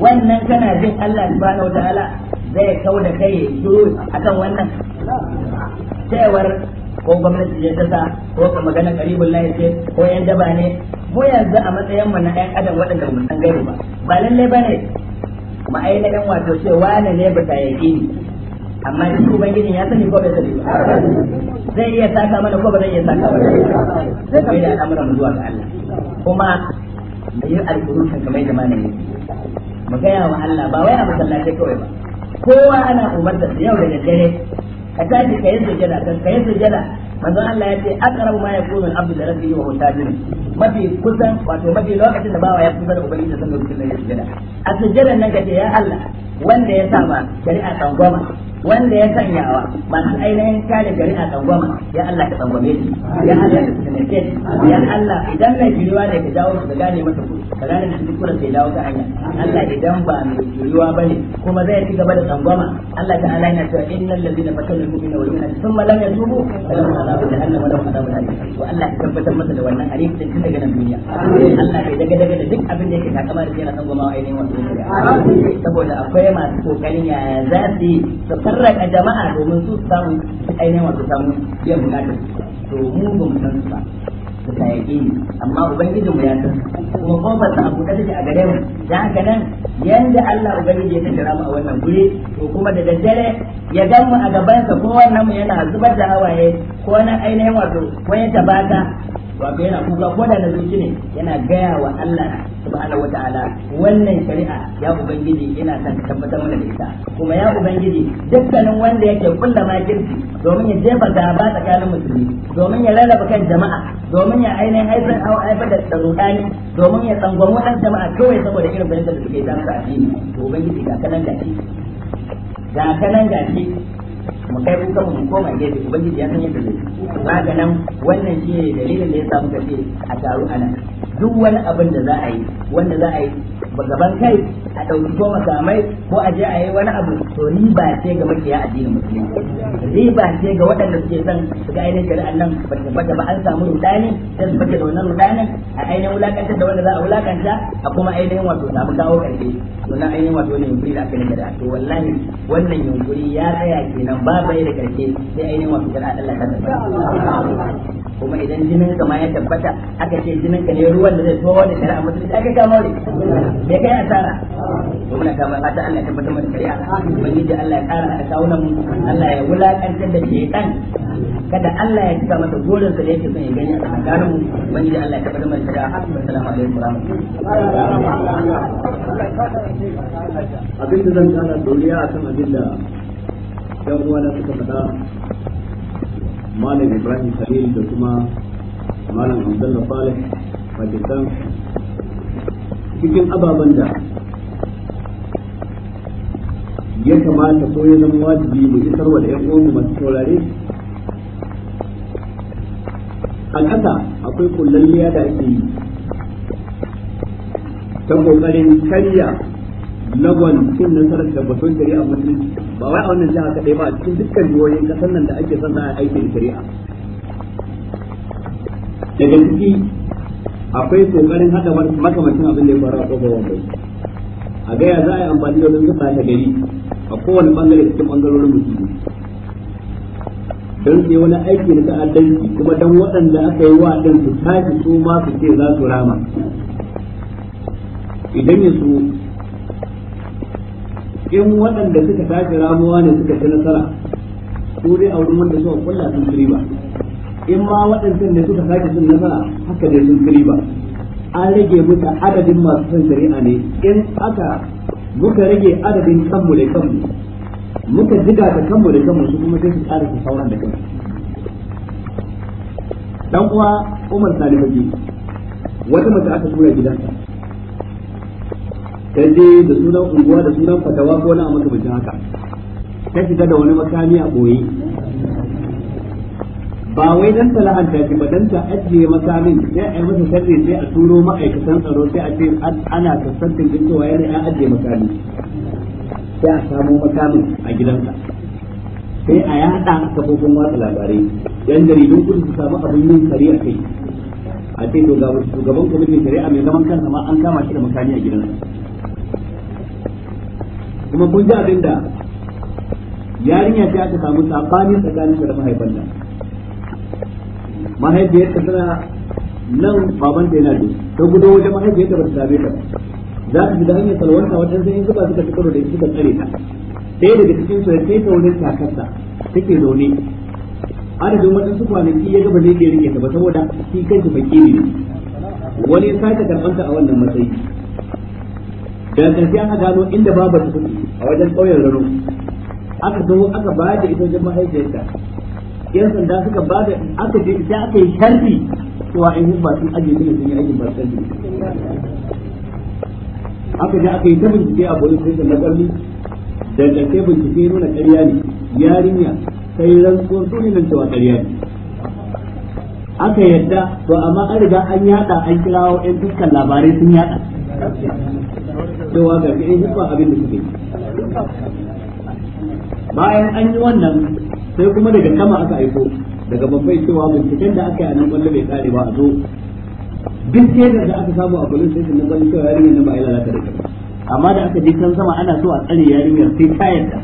wannan kana jin Allah subhanahu wataala zai kauda kai shiru akan wannan cewar ko gwamnati ce tasa, ko ka magana karibul lahi ce ko yan daba ne mu yanzu a matsayin mu na ɗan adam waɗanda mu san gari ba ba lalle ba ne mu ainihin wato ce wane ne ba ta yaƙi ni amma in ubangijin ya sani ko bai sani ba zai iya saka mana ko ba zai iya saka mana sai da al'amuran zuwa ga Allah kuma da yin alƙurushin kamar da malamin mu gaya wa Allah ba wai a masallaci kawai ba kowa ana umarta yau da daddare 还干给干事情了，干事情了。manzo Allah ya ce aqrabu ma yakunu al-abdu li wa huwa mafi kusan wato mafi lokacin da bawa ya kusa da ubangiji da sanin kullun ya sujada a sujadan nan kace ya Allah wanda ya saba shari'a tsangwama wanda ya sanyawa masu ainihin kare shari'a tsangwama ya Allah ka tsangwame shi ya Allah ka tsangwame shi ya Allah idan mai juriwa ne ka dawo ka gane masa ku ka gane da duk kuran sai dawo ka hanya Allah idan ba mai juriwa bane kuma zai ci gaba da tsangwama Allah ta'ala yana cewa innal ladina fatalu al-mu'mina wal mu'minati thumma lam yatubu fa lahum azabu jahannam wa lahum Allah ya tabbatar masa da wannan alim din tun daga nan duniya Allah ya daga daga da duk abin da yake takama da yana san gomawa ainihin saboda akwai masu kokarin ya za su su farraka jama'a domin su samu ainihin wato samu biyan bukatar to mu ba mu san su ba suka yaƙi amma ubangijin mu ya san kuma kofar sa abu take a gare mu dan haka nan yanda Allah ubangiji ya tattara mu a wannan guri to kuma da daddare ya gan mu a gaban sa ko wannan mu yana zubar da hawaye ko na ainihin wato wani tabata wato yana kuka ko da na zuci ne yana gaya wa Allah subhanahu wataala wannan shari'a ya ubangiji yana san tabbatar mana da ita kuma ya ubangiji dukkanin wanda yake kulla kirki domin ya jefa gaba tsakanin musulmi domin ya lalaba kan jama'a domin ya ainihin haifar au haifar da tsarudani domin ya tsangwamu dan jama'a kawai saboda irin bayan da suke zamu addini to ubangiji ga kanan gashi ga kanan gashi mu kai mun kanmu mu koma gefe ubangiji ya san yadda zai haka nan wannan shi ne dalilin da ya samu kace a taru ana duk wani abin da za a yi wanda za a yi gaban kai a ɗauki ko samai ko a je a yi wani abu to riba ce ga makiya addinin musulmi riba ce ga waɗanda suke son su ga ainihin shari'an nan ba tabbata ba an samu rudani sai su fake da wannan rudanin a ainihin wulakantar da wanda za a wulakanta a kuma ainihin wato samu kawo ƙarfi to na ainihin wato wannan yunkuri da aka yi da to wallahi wannan yunkuri ya tsaya kenan ba bai da karshe sai ainihin wasu jira Allah ta kuma idan jinin ka ma ya tabbata aka ce jinin ka ne ruwan da zai shari'a aka bai kai asara kama fata Allah ya Allah ya kara mu Allah ya wulakantar da kada Allah ya cika masa gurin sa da yake son ya gani a tsakanin mu Allah ya assalamu alaikum zan kana doriya akan yan na suka fada malam ibrahim khalil da kuma malam abdullah salih pakistan cikin ababen da ya kamata ko ya zama wajibi mu isarwa da yan uwanmu masu a alhaka akwai kullalliya da ake yi ta ƙoƙarin karya lagon cin nasarar tabbatar shari'a musulunci ba wai a wannan jiha kaɗai ba cikin dukkan jihohin ƙasar nan da ake son za a aiki da shari'a daga ciki akwai kokarin haɗa makamashin abin da ya faru a ƙofar a gaya za a yi amfani da wajen ta gari a kowane bangare cikin bangarorin musulmi don sai wani aiki na ta'addanci kuma don waɗanda aka yi wa ɗin su tashi su ma su ce za su rama idan ya in waɗanda suka tashi ramuwa ne suka ci nasara ko dai a wurin wanda suka kulla sun kiri ba in ma waɗancan ne suka sake sun nasara haka dai sun kiri ba an rage muka adadin masu son shari'a ne in aka muka rage adadin kanmu da kanmu muka jiga da kanmu da kanmu su kuma sai su ƙara su sauran da kanmu dan uwa Umar Salihu wata mace aka tura gidansa kai je da sunan unguwa da sunan fatawa ko na maka bincin haka ta shiga da wani makami a boye ba wai dan ta lahanta ki ba dan ta ajiye makamin sai a yi masa sarri sai a turo ma'aikatan tsaro sai a ce ana kasantin din cewa yana ya ajiye makamin sai a samo makamin a gidansa sai a yada kafofin watsa labarai yan jaridun kudu su samu abin yin kare a kai a ce to ga shugaban kwamitin shari'a mai zaman kansa ma an kama shi da makami a gidansa kuma kun ji abin da yarinya ta aka samu sabani tsakanin da mahaifan nan mahaifiyar ta tana nan baban ta yana da ta gudo wajen mahaifiyar ta ba ta same ta za ta shiga hanyar salwanta wajen sai in zuba suka ci karo da shi suka tsare ta ɗaya daga cikin su sai ta wurin takarta take zaune adadin waɗansu kwanaki ya gaba zai iya rike ta ba saboda shi kanshi fakiri ne wani ta karɓanta a wannan matsayi daga karshe aka gano inda babu su a wajen ƙauyen rano aka zo aka ba da ita wajen mahaifiyarta yan sanda suka ba da aka je sai aka yi sharfi cewa in ba sun aje ne sun yi aikin barkan aka je aka yi ta bincike a boye sai na ƙarni da karshe bincike nuna ƙarya ne yarinya sai rantsuwar nan cewa ƙarya ne aka yadda to amma an riga an yada an kirawo yan dukkan labarai sun yada cewa ga ainihin ba abin da suke bayan an yi wannan sai kuma daga kama aka aiko daga babbai cewa binciken da aka yi a nan kwallo bai kare ba a zo duk da aka samu a kwallon sai na kwallo cewa yarinyar nan ba a yi lalata da kai amma da aka je can sama ana so a tsare yarinyar sai ta yadda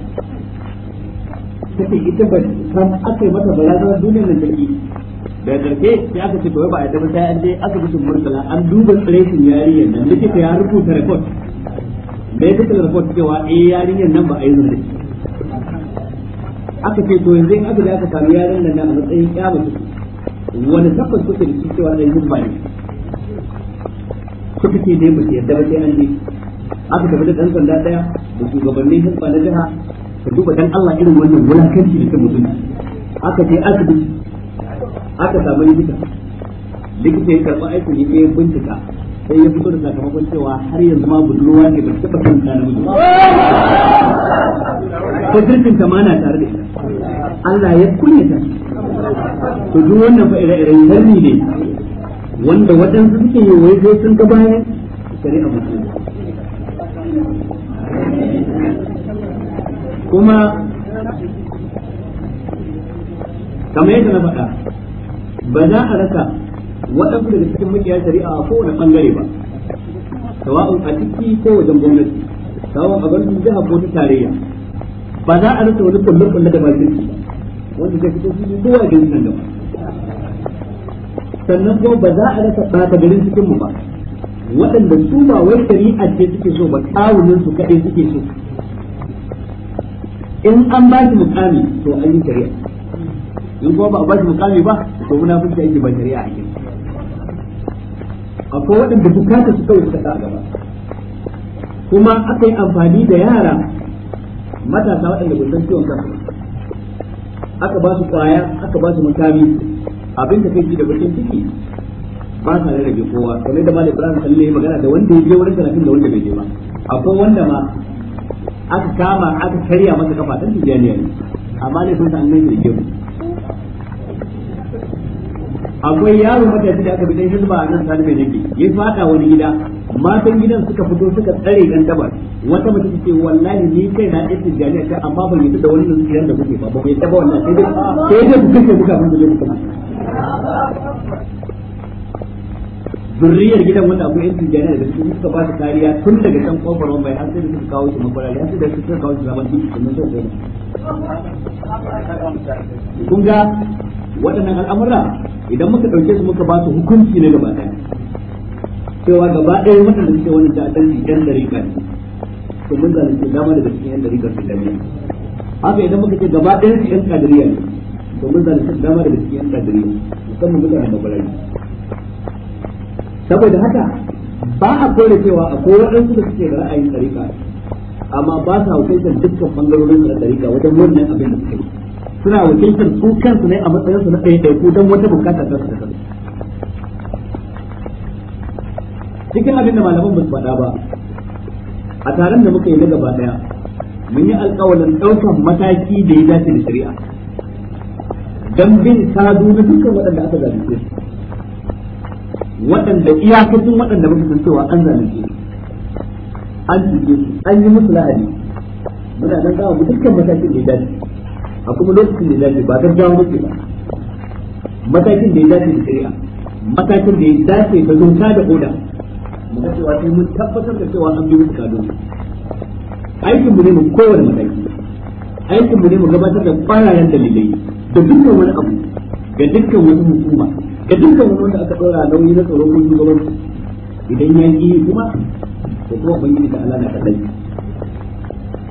take ita ba san aka yi mata barazanar duniyar da take da karfe sai aka ce kawai ba a yadda sai an je asibitin murtala an duba tsiretin yarinyar nan likita ya rubuta report da ya fitar report cewa eh yarinyar nan ba a yi zurfi aka ce to yanzu in aka je aka samu yarinyar nan a matsayin kyama wani tabbas kuka da cewa da yin ba ne kuka ce dai ba yadda ba sai an je aka tafi da ɗan sanda ɗaya da shugabannin hizba na jiha ka duba dan Allah irin wannan wulakanci da ta mutunci aka ce asibiti aka samu likita likita ya karɓi aikin ya yi bincika sai ya fito da sakamakon cewa har yanzu ma budurwa ne ba su taɓa kan kana miji ko jirgin ta mana tare da ita Allah ya kunya ta to duk wannan fa ire-iren zarni ne wanda waɗansu suke yi wai sai sun ga bayan shari'a mutum kuma kamar yadda na faɗa ba za a rasa waɗansu daga cikin makiya shari'a a kowane ɓangare ba sawa'un a ciki ko wajen gwamnati sawa'un a gwamnatin jiha ko ta tarayya ba za a rasa wani kullum kullum da bakin wanda zai fito su zuwa garin nan gaba sannan kuma ba za a rasa ɓata garin cikin mu ba waɗanda su ba wai shari'a ce suke so ba kawunan su kaɗai suke so in an ba shi mukami to an yi shari'a in kuma ba a bashi mukami ba to fi ake ba shari'a ake akwai waɗanda bukata su kawai suka sa gaba kuma aka yi amfani da yara matasa waɗanda ba san ciwon kansu aka ba su kwaya aka ba su mukami abin da kai da bakin ciki ba sa rarrabe kowa kamar da malam Ibrahim sallallahu alaihi magana da wanda ya je wurin karatun da wanda bai je ba akwai wanda ma aka kama aka karya masa kafa dan tijaniya ne amma ne sun san annabi da gefe akwai yaro matashi da aka bi dan hizba a nan salibai nake ya fata wani gida matan gidan suka fito suka tsare dan dabar wata mace ta ce wallahi ni kai na ita jami'a ta amma ban yi da wani nan kiran da kuke ba ba mai taba ba sai dai sai dai ku kuka mun da kuka zurriyar gidan wanda akwai yan tijjani da su suka ba su kariya tun daga kan kofar wambai har sai da suka kawo shi makwarari har su da suka kawo shi zaman titi sannan sai goma kun ga waɗannan al'amura idan muka ɗauke su muka ba su hukunci na gaba ɗaya cewa gaba ɗaya da suke wani ta'addanci yan dariƙa ne to mun su dama daga cikin yan dariƙa su dame haka idan muka ce gaba ɗaya su yan kadiriya ne to mun zalunci dama daga cikin yan kadiriya musamman da makwarari saboda haka ba a kore cewa akwai waɗansu da suke da ra'ayin tsarika amma ba sa wakiltar dukkan bangarorin da tsarika wajen wannan abin da suke suna wakiltar su kansu ne a matsayinsu na ɗaya ɗaya ko don wata bukata ta su da kansu cikin abin da malaman ba su faɗa ba a taron da muka yi na gaba ɗaya mun yi alƙawalin ɗaukar mataki da ya dace da shari'a don bin sadu na dukkan waɗanda aka zaɓi su waɗanda iyakacin waɗanda muka san cewa an zalunce an cuce su an yi musu lahadi muna nan kawo mu dukkan matakin da ya dace a kuma lokacin da ya dace ba gaggawa muke ba matakin da ya dace da shari'a matakin da ya dace da doka da oda mu ga cewa sai mun tabbatar da cewa an bi musu kadon aikin mu ne mu kowane mataki aikin mu ne mu gabatar da kwarayen dalilai da dukkan wani abu ga dukkan wani hukuma ga dukkan wani wanda aka ɗora nauyi na tsoron kun shugaban idan ya yi kuma to kuma yi da Allah na kadai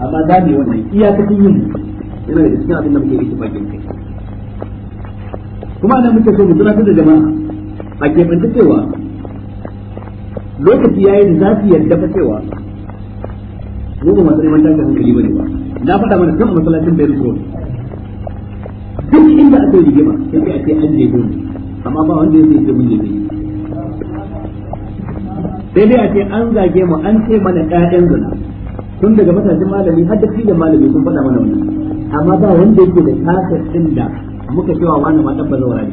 amma za mu wannan iyakacin yin yana da cikin abin da muke yi bakin kai kuma ana muke so mu tunatar da jama'a a kebanta cewa lokaci yayin za su ya dafa cewa mu ba masu neman tashin hankali bane ba na faɗa mana kan masallacin da ya duk inda aka yi rigima sai a ce an je gobe amma ba wanda yake ce mun yabe sai dai a ce an zage mu an ce mana ƴaƴan zina tun daga matashin malami har da shi da malami sun faɗa mana wannan amma ba wanda yake da kasar ɗin da muka cewa wani ma tabbata wa ne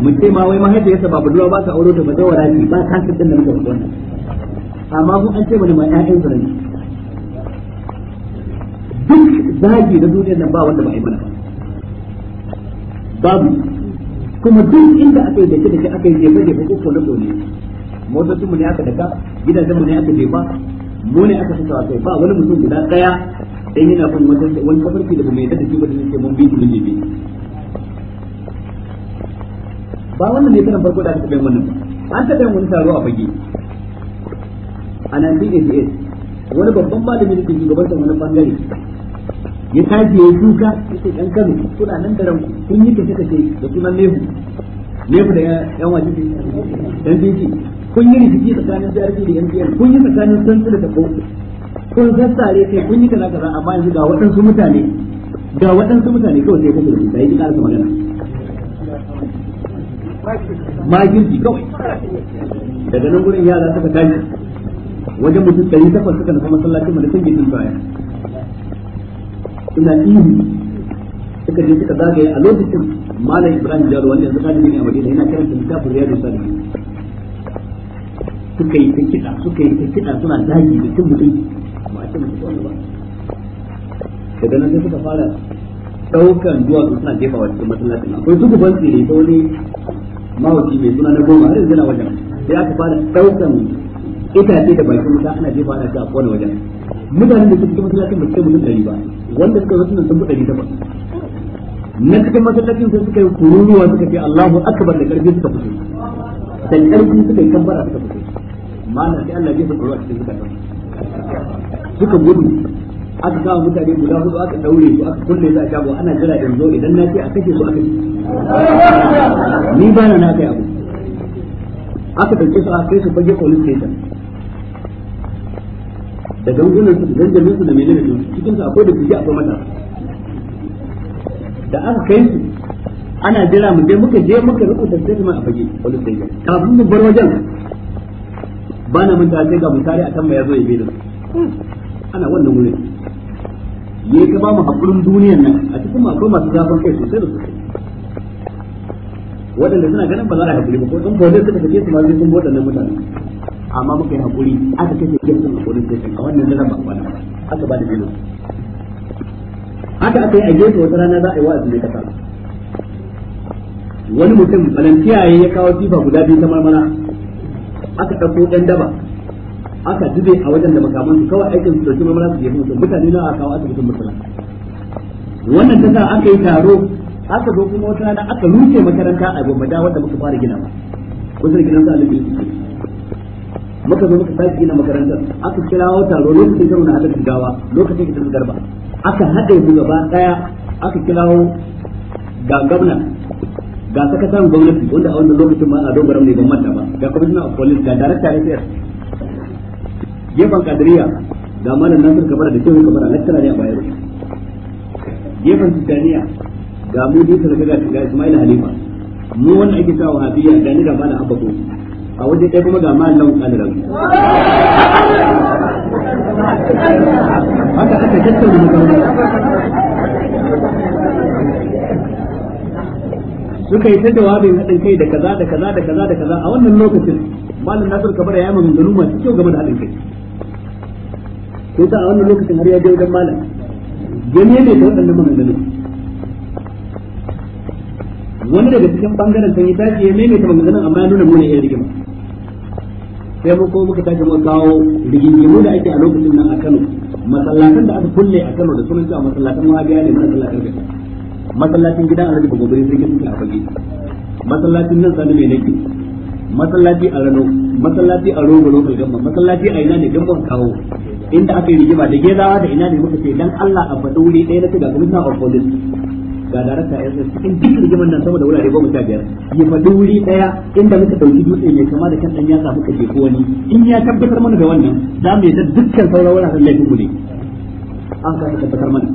mu ce ma wai mahaifiyarsa ba budurwa ba ta aure ta bazawara ne ba kasar ɗin da muka faɗa amma kun an ce mana ma ƴaƴan zina ne duk zagi na duniyar nan ba wanda ba a yi mana babu kuma duk inda aka yi da dace aka yi jefa jefa ko kone kone motocin mu ne aka daga gidajen mu ne aka jefa mu ne aka fitawa kai ba wani mutum guda daya dan yana kan wata wani kafarki da mai da take ba ce mun bi shi ne ba wannan ne kana farko da aka bayan wannan an ta bayan wani taro a fage a 1988 wani babban malami da ke shugabantar wani bangare ya tashi ya duka ce ɗan kano kuna nan da ranku kun yi kashe kashe da kuma lehu lehu da yan wajibi dan dinki kun yi rikici tsakanin jarfi da yan biyar kun yi tsakanin santsu da tabo kun sassare kai kun yi kaza kaza amma yanzu ga waɗansu mutane ga waɗansu mutane kawai sai kuka rubuta yi ƙarasa magana magirji kawai daga nan gurin yara suka tashi wajen mutum ɗari takwas suka nufa masallacin mu da sun gidin baya suna ihu suka je suka zagaye a lokacin malam ibrahim jaro wanda yanzu kalibi ne a madina yana karanta littafin riyadu salihin suka yi ta kiɗa suka yi ta kiɗa suna zagi da cin mutum ba a cin mutum wani ba daga nan sai suka fara ɗaukan su suna jefa wa cikin masallacin akwai duk ban tsire ta wani mawaki mai suna na goma har yanzu yana wajen sai aka fara ɗaukan itace da bakin wuta ana jefa ana ta a kowane wajen mutanen da suke cikin masallacin ba su kai mutum ɗari ba wanda suka zo sun buɗe ɗari takwas na cikin masallacin sai suka yi kururuwa suka ce Allahu akbar da karfi suka fito da karfi suka yi kambara suka fito ma'ana sai Allah ya sa kuruwa cikin suka suka gudu aka kawo mutane guda hudu aka daure su aka kulle su a shago ana jira in zo idan na ce a kashe su aka ni ba na na kai abu aka dauke su a kai su fage police station da dangunan su da gangunan su da nuna ne cikin su akwai da kuje akwai mata da aka kai su ana jira mu je muka je muka rubuta sai kuma a fage wani sai kafin mu bar wajen ba na manta sai ga mutare a kan ya zo ya bi da ana wannan wurin ne ka ba mu hakurin duniyar nan a cikin akwai masu zafin kai sosai da sosai waɗanda suna ganin ba za a haƙuri ba ko ɗan faunin suka tafi su ma zai sun waɗannan mutane amma muka yi hakuri aka kashe ke sun hakuri kace a wannan daren ba kwana aka ba da bilu haka aka yi a gefe wata rana za a yi wa'azi azumi kasa wani mutum balantiya ya ya kawo tifa guda biyu ta marmara aka ɗauko ɗan daba aka dube a wajen da makamansu kawai aikin su dauki marmara su jefa mutum mutane na a kawo asibitin mutala wannan ta sa aka yi taro aka zo kuma wata rana aka rufe makaranta a gwamnati wadda muka fara gina ba kusa da gidan sa alibi muka zo muka sake gina makarantar aka wata taro lokacin karo na hada gawa lokacin da kitan garba aka haɗe mu gaba ɗaya aka kira ga gwamna ga sakataren gwamnati wanda a wannan lokacin ma a dogara ne ban manta ba ga kwamishinan of police ga director of affairs gefen kadiriya ga malam nasir kamar da shehu kamar lecturer ne a bayero gefen tijaniya ga mu duka daga ga Ismail Halifa mu wanda ake sa wahabiya da ni da malam abba ko a waje ɗaya kuma ga ma'allan kaliran haka aka tattauna makaranta suka yi ta jawabin haɗin kai da kaza da kaza da kaza da kaza a wannan lokacin malam nasir kabar ya yi dalu masu kyau game da haɗin kai ko ta a wannan lokacin har ya je wajen malam gani ne da waɗannan dalu wani daga cikin bangaren sanyi yi ce ya maimaita dalu amma ya nuna muna iya rigima sai mun ko muka tashi mun kawo rigingimu da ake a lokacin nan a Kano masallatan da aka kulle a Kano da sunan cewa masallatan wahabiya ne masallatan gaske masallatin gidan Alhaji Bagobiri sai ke a fage masallatin nan sani mai nake masallaci a Rano masallaci a Rogo local gamma masallaci a ina ne dan muka kawo inda aka yi rigima da gezawa da ina ne muka ce dan Allah a faɗi wuri ɗaya na tuga commissioner ta ofolis ga darakta ya zai cikin duk rigiman nan sama da wurare goma sha biyar ya faɗi wuri ɗaya inda muka ɗauki dutse mai kama da kan ɗan yatsa muka ke ko wani in ya tabbatar mana da wannan za mu yadda dukkan sauran wuraren laifin mu ne an ka tabbatar mana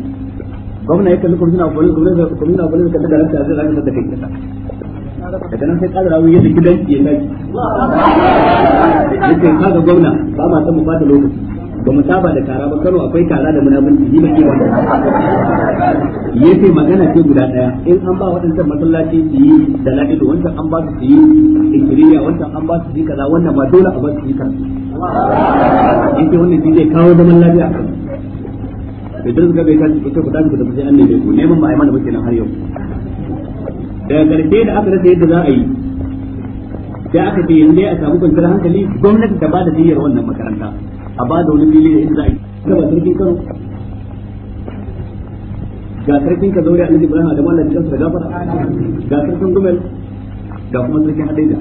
gwamna ya kalli kwamishina a kwamishina gwamnati kwamishina gwamnati kalli darakta ya zai zai zai kai kasa daga nan sai ƙara rawu yadda gidan ya tashi yake kaga gwamna ba ma san mu ba da lokaci ba mu saba da kara ba Kano akwai kara da munafunci ni ke Ya yace magana ce guda daya in an ba waɗannan masallaci su yi da la'ilu wancan an ba su su yi ikiriya wancan an ba su su yi kaza wannan ba dole a ba su yi kan. yace wannan shi zai kawo zaman lafiya a Kano bai dole ga bai kace ku ce ku tafi da tafi an ne ku neman ba a yi mana ba nan har yau daga karshe da aka rasa yadda za a yi sai aka ce yanzu a samu kwanciyar hankali gwamnati ta ba da niyyar wannan makaranta a ba da wani fili da inda za da ba gaba sarkin kano ga sarkin ka zaure annabi ibrahim da mallan cikin da gafara ga sarkin gumel ga kuma sarkin hadaida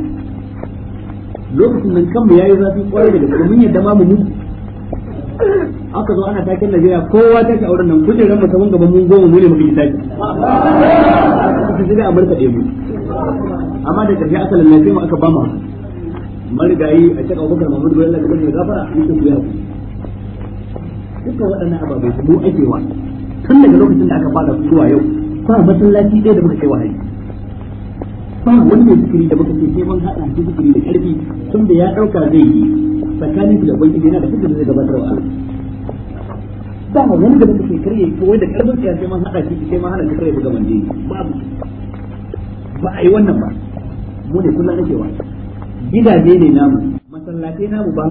lokacin nan kanmu yayi zafi kwarai daga gaske mun yadda ma mu mutu aka zo ana taken Najeriya kowa ta ci auren nan kujerar mu ta gaban ba mun goma mu ne muka yi taki aka ji da Amurka ɗaya mu amma da asalin aka lallace mu aka ba mu marigayi a cikin abubakar mahmud bayan daga bane gafara a cikin ya ku dukkan waɗannan ababai su mu ake wa tun daga lokacin da aka fara zuwa yau ba masallaci ɗaya da muka kai wahayi ba wanda zikiri da muka ce sai mun haɗa shi zikiri da ƙarfi tun da ya ɗauka zai yi tsakanin da ubangiji yana da da zai gabatar wa ba wani da muka ke karye ko da ƙarfin siya sai mun haɗa shi sai mun hana shi kare ga manje babu ba a yi wannan ba mu ne kullum ake wa gidaje ne namu masallatai namu ba